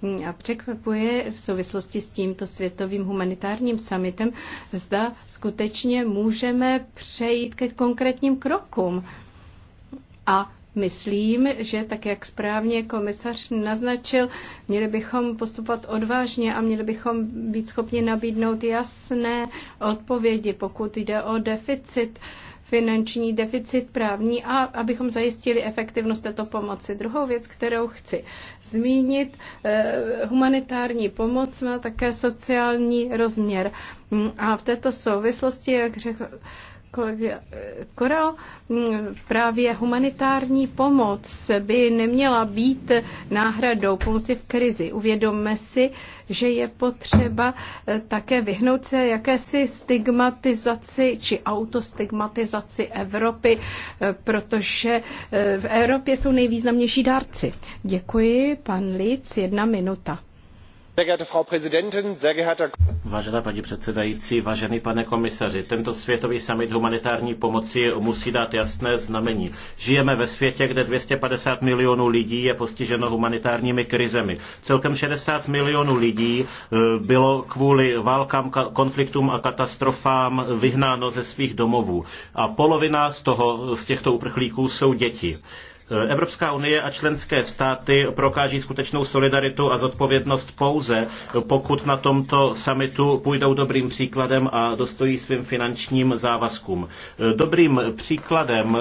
S3: a překvapuje v souvislosti s tímto světovým humanitárním summitem, zda skutečně můžeme přejít ke konkrétním krokům. A Myslím, že tak, jak správně komisař naznačil, měli bychom postupovat odvážně a měli bychom být schopni nabídnout jasné odpovědi, pokud jde o deficit uh, finanční deficit právní a abychom zajistili efektivnost této pomoci. Druhou věc, kterou chci zmínit, eh, humanitární pomoc má také sociální rozměr. Mm, a v této souvislosti, jak řekl kolega eh, Koral, mm, právě humanitární pomoc by neměla být náhradou pomoci v krizi. Uvědomme si, že je potřeba eh, také vyhnout se jakési stigmatizaci či autostigmatizaci Evropy, eh, protože v Evropě jsou nejvýznamnější dárci. Děkuji, pan Lic, jedna minuta.
S1: Sehr geehrte Frau Präsidentin, sehr geehrter Vážená paní předsedající, vážený pane komisaři, tento světový summit humanitární pomoci musí dát jasné znamení. Žijeme ve světě, kde 250 milionů lidí je postiženo humanitárními krizemi. Celkem 60 milionů lidí eh, bylo kvůli válkám, konfliktům a katastrofám vyhnáno ze svých domovů. A polovina z toho, z těchto uprchlíků jsou děti. Evropská unie a členské státy prokáží skutečnou solidaritu a zodpovědnost pouze, pokud na tomto summitu půjdou dobrým příkladem a dostojí svým finančním závazkům. Dobrým příkladem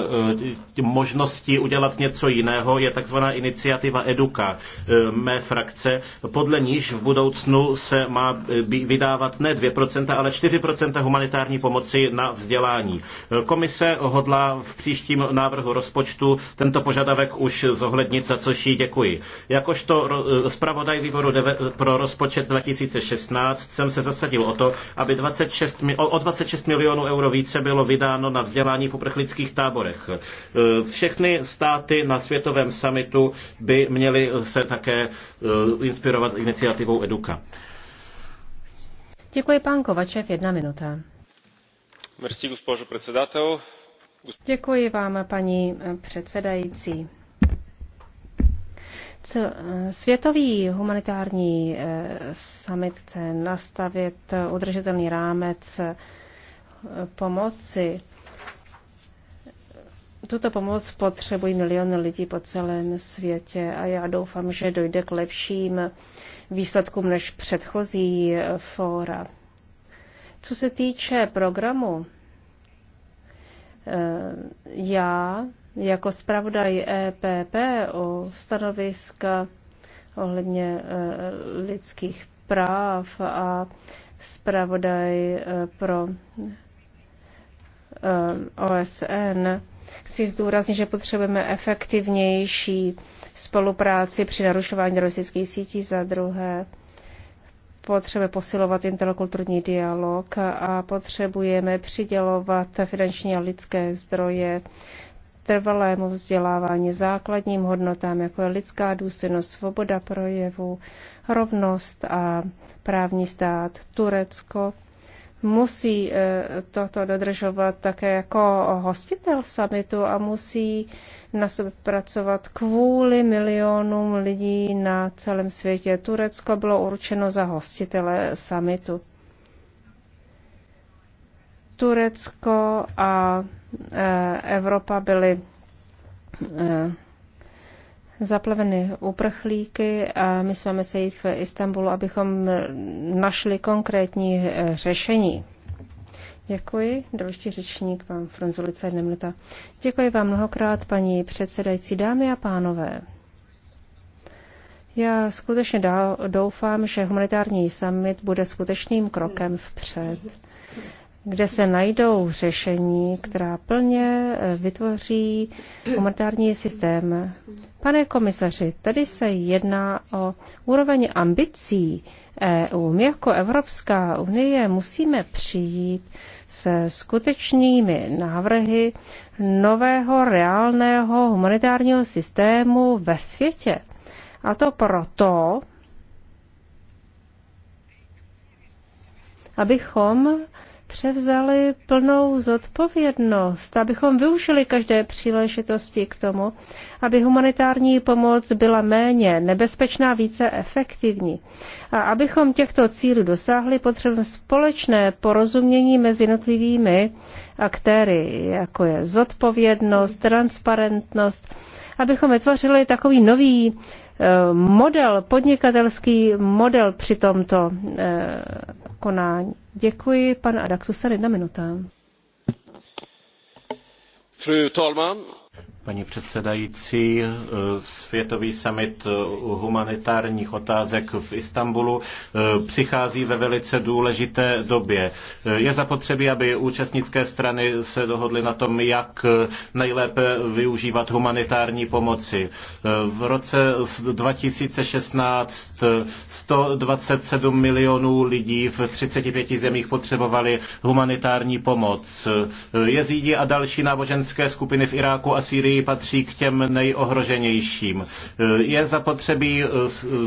S1: eh, možnosti udělat něco jiného je tzv. iniciativa Eduka eh, mé frakce, podle níž v budoucnu se má eh, vydávat ne 2%, ale 4% humanitární pomoci na vzdělání. Komise hodlá v příštím návrhu rozpočtu tento požadavek už zohlednit, za což jí děkuji. Jakožto zpravodaj výboru pro rozpočet 2016 jsem se zasadil o to, aby 26, o 26 milionů euro více bylo vydáno na vzdělání v uprchlických táborech. E, všechny státy na světovém summitu by měly se také e, inspirovat iniciativou Eduka.
S2: Děkuji, pán Kovačev, jedna minuta.
S1: Merci, госпожо председател.
S2: Děkuji vám, paní předsedající. Světový humanitární eh, summit chce nastavit udržitelný rámec eh, pomoci. Tuto pomoc potřebují miliony lidí po celém světě a já doufám, že dojde k lepším výsledkům než předchozí eh, fóra. Co se týče programu, Eh, já jako zpravodaj EPP o stanoviska ohledně eh, lidských práv a zpravodaj eh, pro OSN. Chci zdůraznit, že potřebujeme efektivnější spolupráci při narušování teroristických sítí za druhé potřebujeme posilovat interkulturní dialog a potřebujeme přidělovat finanční a lidské zdroje trvalému vzdělávání základním hodnotám, jako je lidská důstojnost, svoboda projevu, rovnost a právní stát, Turecko musí eh, toto dodržovat také jako hostitel summitu a musí na sobě pracovat kvůli milionům lidí na celém světě. Turecko bylo určeno za hostitele summitu. Turecko a eh, Evropa byly eh, zaplaveny uprchlíky a my jsme vámi sejít v Istanbulu, abychom našli konkrétní eh, řešení. Děkuji. Další řečník, pan frunzulice, jedna minuta. Děkuji vám mnohokrát, paní předsedající, dámy a pánové. Já skutečně doufám, že humanitární summit bude skutečným krokem vpřed kde se najdou řešení, která plně eh, vytvoří humanitární systém. Pane komisaři, tady se jedná o úroveň ambicí EU. My jako Evropská unie musíme přijít se skutečnými návrhy nového reálného humanitárního systému ve světě. A to proto, abychom převzali plnou zodpovědnost, abychom využili každé příležitosti k tomu, aby humanitární pomoc byla méně nebezpečná, více efektivní. A abychom těchto cílů dosáhli, potřebujeme společné porozumění mezi jednotlivými aktéry, jako je zodpovědnost, transparentnost, abychom vytvořili takový nový model, podnikatelský model při tomto eh, konání. Děkuji, pan Adaktusan, jedna minuta.
S1: Fru talman, Paní předsedající, Světový summit humanitárních otázek v Istanbulu eh, přichází ve velice důležité době. Eh, je zapotřebí, aby účastnické strany se dohodly na tom, jak eh, nejlépe využívat humanitární pomoci. V roce 2016 127 milionů lidí v 35 zemích potřebovali humanitární pomoc. Jezídi a další náboženské skupiny v Iráku a Sýrii Sýrii patří k těm nejohroženějším. Je zapotřebí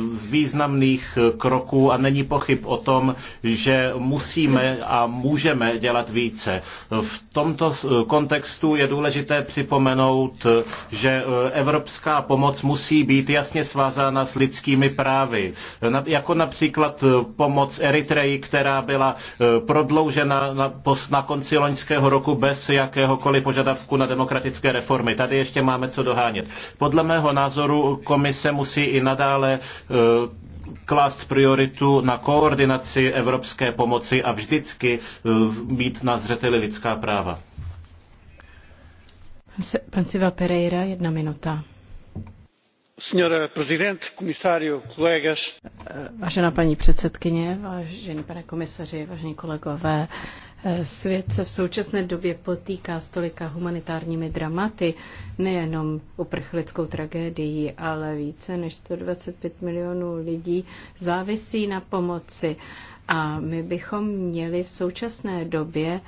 S1: z významných kroků a není pochyb o tom, že musíme a můžeme dělat více. V tomto kontextu je důležité připomenout, že evropská pomoc musí být jasně svázána s lidskými právy. Jako například pomoc Eritreji, která byla eh, prodloužena na, konci loňského roku bez jakéhokoliv požadavku na demokratické reformy. Tady tady ještě máme co dohánět. Podle mého názoru komise musí i nadále e, klást prioritu na koordinaci evropské pomoci a vždycky e, mít na zřeteli lidská práva.
S3: Pan Siva Pereira, jedna minuta.
S1: Senhora Presidente, komisario, kolegas. Vážená
S3: paní předsedkyně, vážený pane komisaři, vážení kolegové, Svět se v současné době potýká s tolika humanitárními dramaty, nejenom uprchlickou tragédií, ale více než 125 milionů lidí závisí na pomoci. A my bychom měli v současné době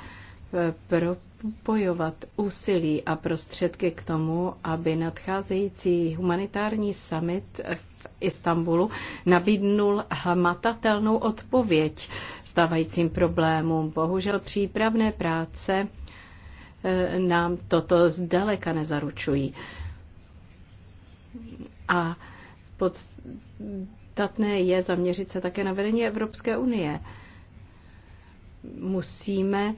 S3: Eh, propojovat úsilí a prostředky k tomu, aby nadcházející humanitární summit v Istanbulu nabídnul hmatatelnou odpověď stávajícím problémům. Bohužel přípravné práce eh, nám toto zdaleka nezaručují. A podstatné je zaměřit se také na vedení Evropské unie. Musíme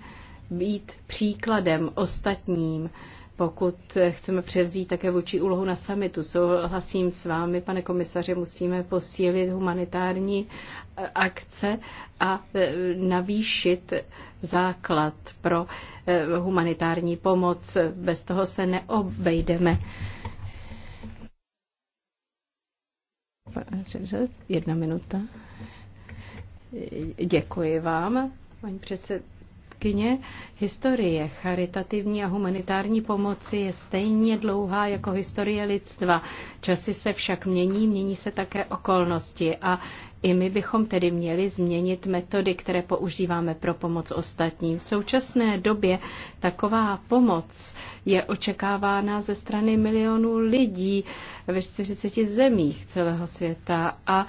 S3: být příkladem ostatním, pokud chceme převzít také vůči úlohu na samitu. Souhlasím s vámi, pane komisaře, musíme posílit humanitární eh, akce a eh, navýšit základ pro eh, humanitární pomoc. Bez toho se neobejdeme. Jedna minuta. Děkuji vám, paní předsedkyně vědkyně historie charitativní a humanitární pomoci je stejně dlouhá jako historie lidstva. Časy se však mění, mění se také okolnosti a i my bychom tedy měli změnit metody, které používáme pro pomoc ostatním. V současné době taková pomoc je očekávána ze strany milionů lidí ve 40 zemích celého světa a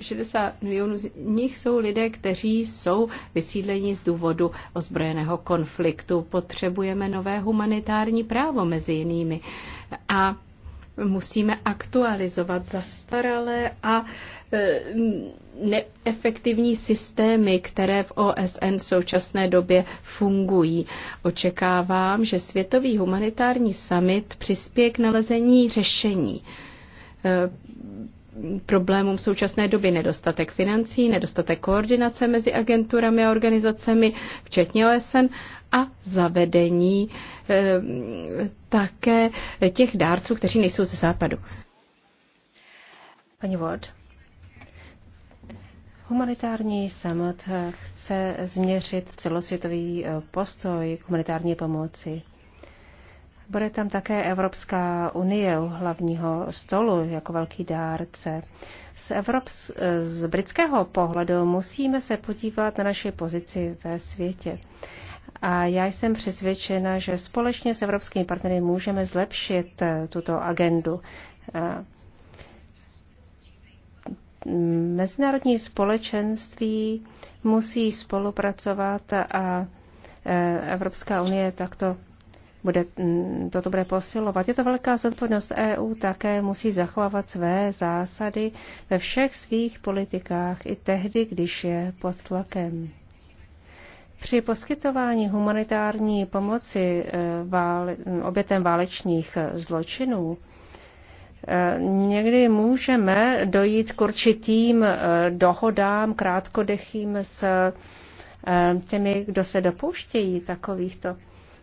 S3: 60 e, milionů z nich jsou lidé, kteří jsou vysídleni z důvodu ozbrojeného konfliktu. Potřebujeme nové humanitární právo mezi jinými. A musíme aktualizovat zastaralé a e, neefektivní systémy, které v OSN v současné době fungují. Očekávám, že Světový humanitární summit přispěje k nalezení řešení e, problémům současné doby. Nedostatek financí, nedostatek koordinace mezi agenturami a organizacemi, včetně OSN, a zavedení e, také těch dárců, kteří nejsou ze západu.
S2: Pani Ward, humanitární summit eh, chce změřit celosvětový eh, postoj k humanitární pomoci bude tam také Evropská unie u hlavního stolu jako velký dárce. Z, Evrops- z britského pohledu musíme se podívat na naši pozici ve světě. A já jsem přesvědčena, že společně s evropskými partnery můžeme zlepšit eh, tuto agendu. Mezinárodní společenství musí spolupracovat a eh, Evropská unie takto bude, mm, toto bude posilovat. Je to velká zodpovědnost EU, také musí zachovávat své zásady ve všech svých politikách i tehdy, když je pod tlakem. Při poskytování humanitární pomoci e, vále, obětem válečných e, zločinů e, někdy můžeme dojít k určitým dohodám krátkodechým s těmi, kdo se dopouštějí takovýchto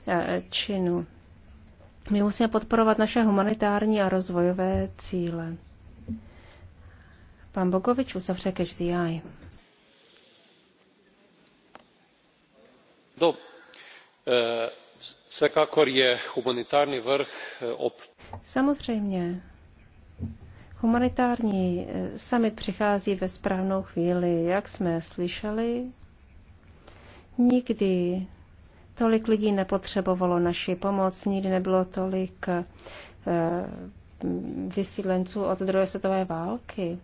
S2: Eh, činu. My musíme podporovat naše humanitární a rozvojové cíle. Pan Bogovič uzavře Catch the Eye.
S1: Do. E, vsekakor je humanitární vrch eh, ob...
S2: Samozřejmě. Humanitární summit přichází ve správnou chvíli, jak jsme slyšeli. Nikdy Tolik lidí nepotřebovalo naši pomoc, nikdy nebylo tolik eh, vysídlenců od druhé světové války.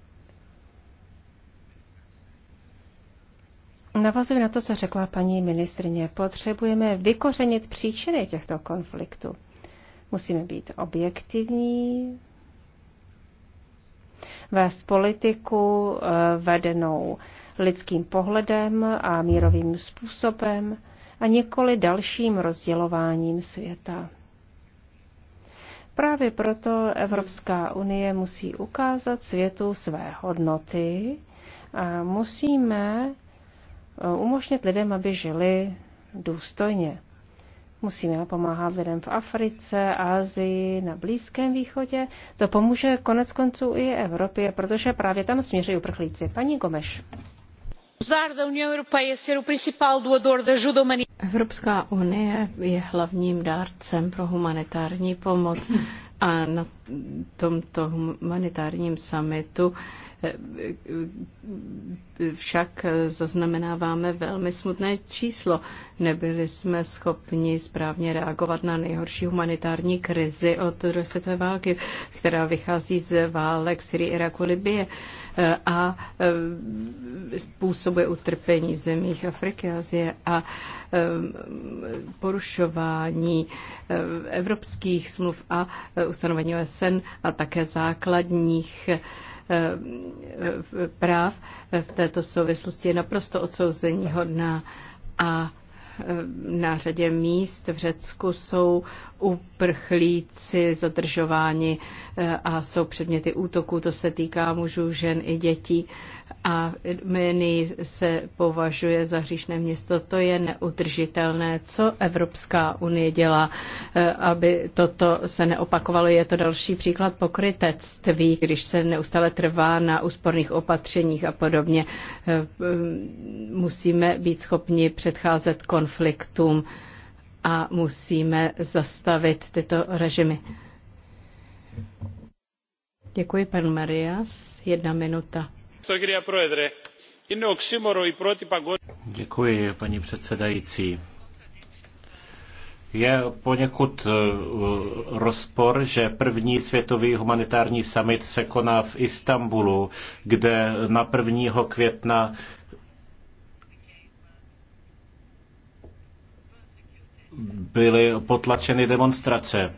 S2: Navazuji na to, co řekla paní ministrině. Potřebujeme vykořenit příčiny těchto konfliktů. Musíme být objektivní, vést politiku eh, vedenou lidským pohledem a mírovým způsobem a nikoli dalším rozdělováním světa. Právě proto Evropská unie musí ukázat světu své hodnoty a musíme eh, umožnit lidem, aby žili důstojně. Musíme pomáhat lidem v Africe, Asii, na Blízkém východě. To pomůže konec konců i Evropě, protože právě tam směřují uprchlíci. Paní Gomeš.
S3: Evropská unie je hlavním dárcem pro humanitární pomoc a na tomto humanitárním summitu eh, však zaznamenáváme velmi smutné číslo. Nebyli jsme schopni správně reagovat na nejhorší humanitární krizi od druhé světové války, která vychází z válek Syrii, Iraku, Libie a způsobuje utrpení v zemích Afriky, Azie a porušování e, evropských smluv a e, ustanovení OSN a také základních e, práv v této souvislosti je naprosto odsouzení hodná a Eh, na řadě míst v Řecku jsou uprchlíci zadržováni eh, a jsou předměty útoků. To se týká mužů, žen i dětí a Mini se považuje za hříšné město. To je neudržitelné. Co Evropská unie dělá, eh, aby toto se neopakovalo? Je to další příklad pokrytectví, když se neustále trvá na úsporných opatřeních a podobně. Eh, eh, musíme být schopni předcházet konfliktům a musíme zastavit tyto režimy. Děkuji, pan Marias. Jedna minuta
S1: paní předsedající. Je poněkud e, rozpor, že první světový humanitární summit se koná v Istanbulu, kde na 1. května byly potlačeny demonstrace.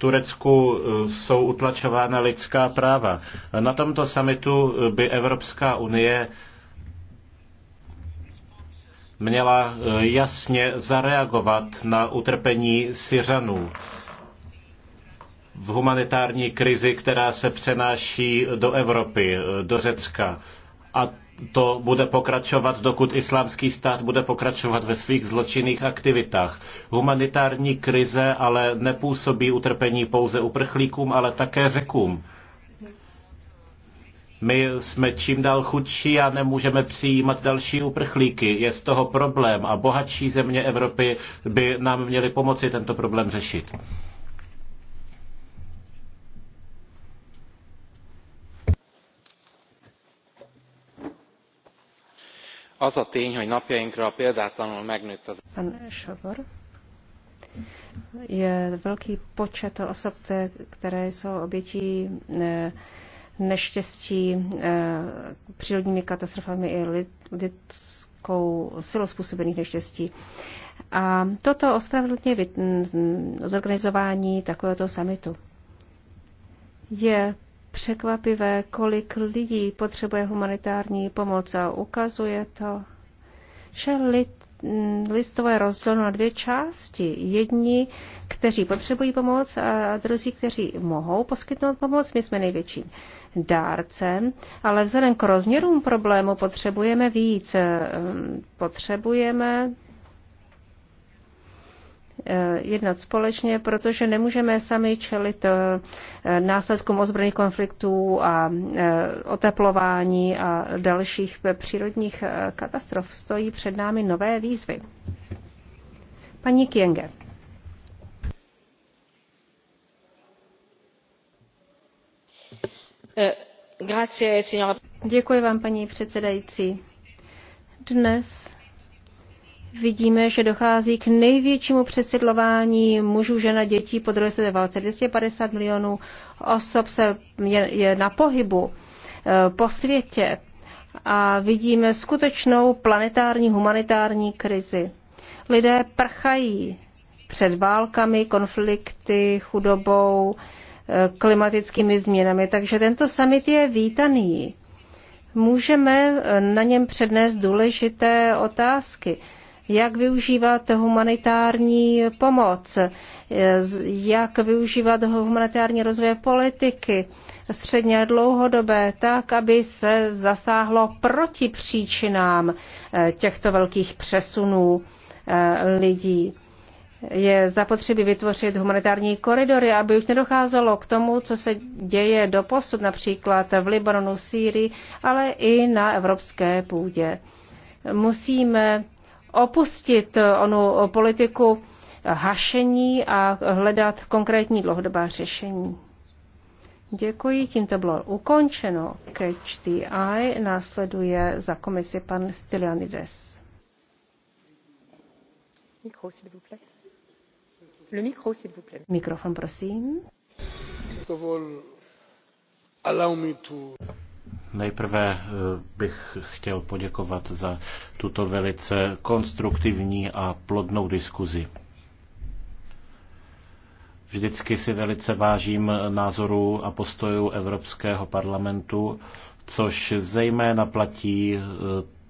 S1: Turecku eh, jsou utlačována lidská práva. Na tomto samitu by Evropská unie měla eh, jasně zareagovat na utrpení Syřanů v humanitární krizi, která se přenáší do Evropy, eh, do Řecka. A to bude pokračovat, dokud islámský stát bude pokračovat ve svých zločinných aktivitách. Humanitární krize ale nepůsobí utrpení pouze uprchlíkům, ale také řekům. My jsme čím dál chudší a nemůžeme přijímat další uprchlíky. Je z toho problém a bohatší země Evropy by nám měly pomoci tento problém řešit. az a tény hogy napjainkra példátlanul megnőtt az.
S2: Pan Je velký počet osob, které jsou obětí e, neštěstí e, přírodními katastrofami i lidskou silou způsobených neštěstí. A toto ospravedlně zorganizování takovéhoto samitu. Je překvapivé, kolik lidí potřebuje humanitární pomoc a ukazuje to, že lid, listové rozděleno na dvě části. Jedni, kteří potřebují pomoc a druzí, kteří mohou poskytnout pomoc. My jsme největším dárcem, ale vzhledem k rozměrům problému potřebujeme víc. Ehm, potřebujeme Eh, jednat společně, protože nemůžeme sami čelit eh, následkům ozbrojených konfliktů a eh, oteplování a dalších přírodních katastrof. Stojí před námi nové výzvy. Paní Kienge. Děkuji vám, paní předsedající. Dnes vidíme, že dochází k největšímu přesidlování mužů, žen a dětí po druhé světové válce. 250 milionů osob se je, je na pohybu e, po světě a vidíme skutečnou planetární humanitární krizi. Lidé prchají před válkami, konflikty, chudobou, e, klimatickými změnami. Takže tento summit je vítaný. Můžeme e, na něm přednést důležité otázky jak využívat humanitární pomoc, jak využívat humanitární rozvoje politiky, středně a dlouhodobé, tak, aby se zasáhlo proti příčinám eh, těchto velkých přesunů eh, lidí. Je zapotřebí vytvořit humanitární koridory, aby už nedocházelo k tomu, co se děje do posud, například v Libanonu, Sýrii, ale i na evropské půdě. Musíme opustit eh, onu politiku hašení a hledat konkrétní dlouhodobá řešení. Děkuji, tímto bylo ukončeno. Catch the Eye následuje za komisi pan Stylianides. Mikrofon, prosím.
S1: Nejprve eh, bych chtěl poděkovat za tuto velice konstruktivní a plodnou diskuzi. Vždycky si velice vážím názorů a postojů Evropského parlamentu, což zejména platí eh,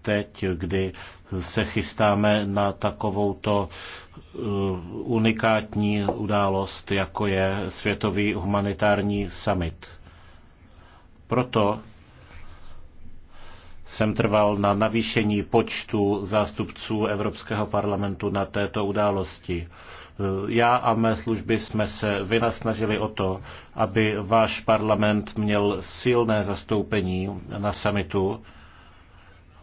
S1: teď, kdy se chystáme na takovouto eh, unikátní událost, jako je Světový humanitární summit. Proto jsem trval na navýšení počtu zástupců Evropského parlamentu na této události. Já a mé služby jsme se vynasnažili o to, aby váš parlament měl silné zastoupení na samitu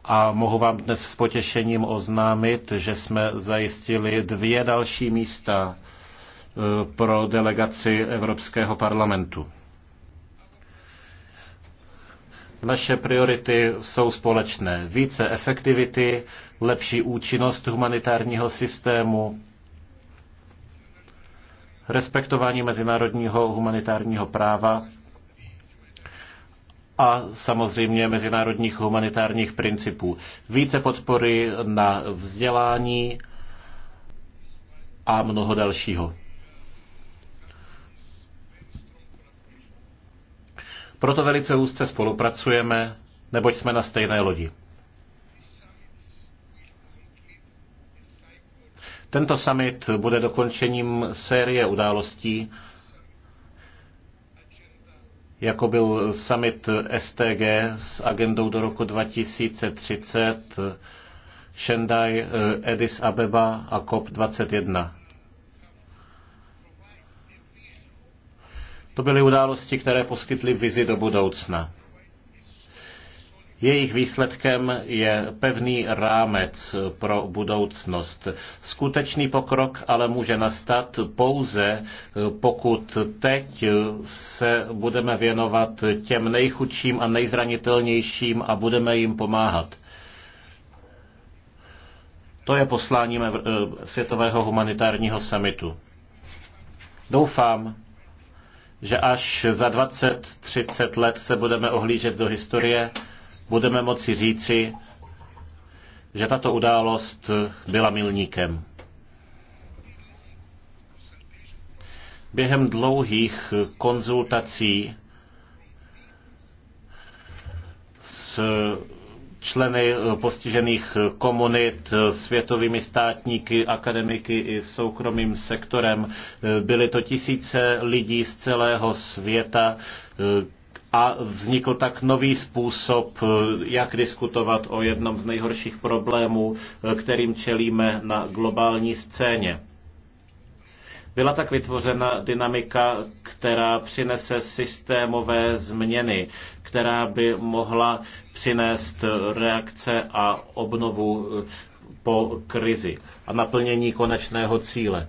S1: a mohu vám dnes s potěšením oznámit, že jsme zajistili dvě další místa eh, pro delegaci Evropského parlamentu. Naše priority jsou společné. Více efektivity, lepší účinnost humanitárního systému, respektování mezinárodního humanitárního práva a samozřejmě mezinárodních humanitárních principů. Více podpory na vzdělání a mnoho dalšího. Proto velice úzce spolupracujeme, neboť jsme na stejné lodi. Tento summit bude dokončením série událostí, jako byl summit STG s agendou do roku 2030, Shendai, Edis, Abeba a COP21. To byly události, které poskytly vizi do budoucna. Jejich výsledkem je pevný rámec pro budoucnost. Skutečný pokrok ale může nastat pouze, pokud teď se budeme věnovat těm nejchudším a nejzranitelnějším a budeme jim pomáhat. To je posláním eh, Světového humanitárního samitu. Doufám, že až za 20-30 let se budeme ohlížet do historie, budeme moci říci, že tato událost byla milníkem. Během dlouhých konzultací s členy eh, postižených eh, komunit, eh, světovými státníky, akademiky i soukromým sektorem. Byly to tisíce lidí z celého světa, a vznikl tak nový způsob, jak diskutovat o jednom z nejhorších problémů, kterým čelíme na globální scéně. Byla tak vytvořena dynamika, která přinese systémové změny, která by mohla přinést reakce a obnovu eh, po krizi a naplnění konečného cíle.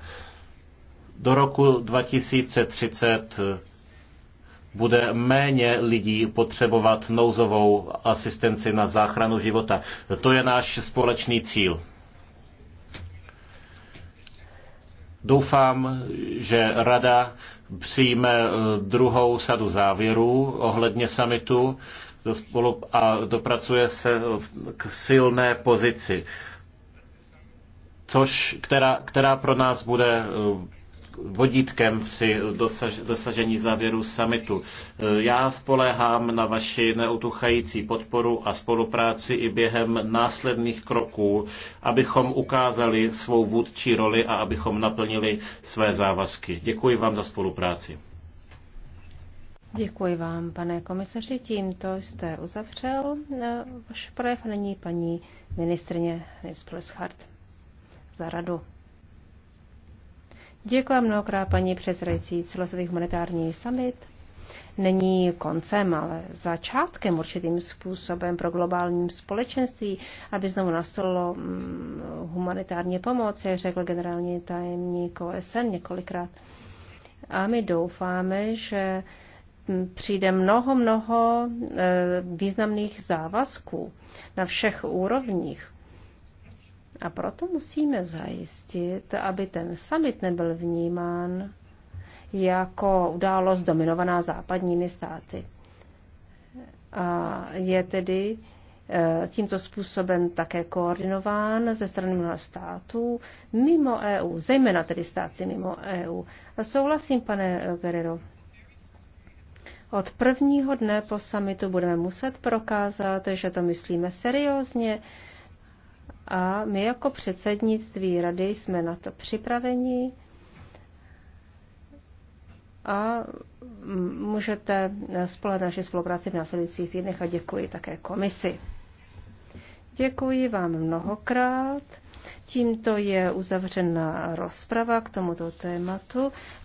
S1: Do roku 2030 eh, bude méně lidí potřebovat nouzovou asistenci na záchranu života. To je náš společný cíl. Doufám, že Rada přijme eh, druhou sadu závěrů ohledně samitu a dopracuje se eh, k silné pozici, což, která, která pro nás bude eh, vodítkem při dosaž, dosažení závěru summitu. E, já spoléhám na vaši neutuchající podporu a spolupráci i během následných kroků, abychom ukázali svou vůdčí roli a abychom naplnili své závazky. Děkuji vám za spolupráci.
S2: Děkuji vám, pane komisaři. Tímto jste uzavřel e, váš projev. Není paní ministrně Nils za radu. Děkuji mnohokrát paní předsedající celosvětový humanitární summit. Není koncem, ale začátkem určitým způsobem pro globální společenství, aby znovu nastalo mm, humanitární pomoc, jak řekl generální tajemník OSN několikrát. A my doufáme, že mm, přijde mnoho, mnoho e, významných závazků na všech úrovních a proto musíme zajistit, aby ten summit nebyl vnímán jako událost dominovaná západními státy. A je tedy e, tímto způsobem také koordinován ze strany mnoha států mimo EU, zejména tedy státy mimo EU. A souhlasím, pane Guerrero, od prvního dne po samitu budeme muset prokázat, že to myslíme seriózně, a my jako předsednictví rady jsme na to připraveni a můžete spolehnout naši spolupráci v následujících týdnech a děkuji také komisi. Děkuji vám mnohokrát. Tímto je uzavřena rozprava k tomuto tématu.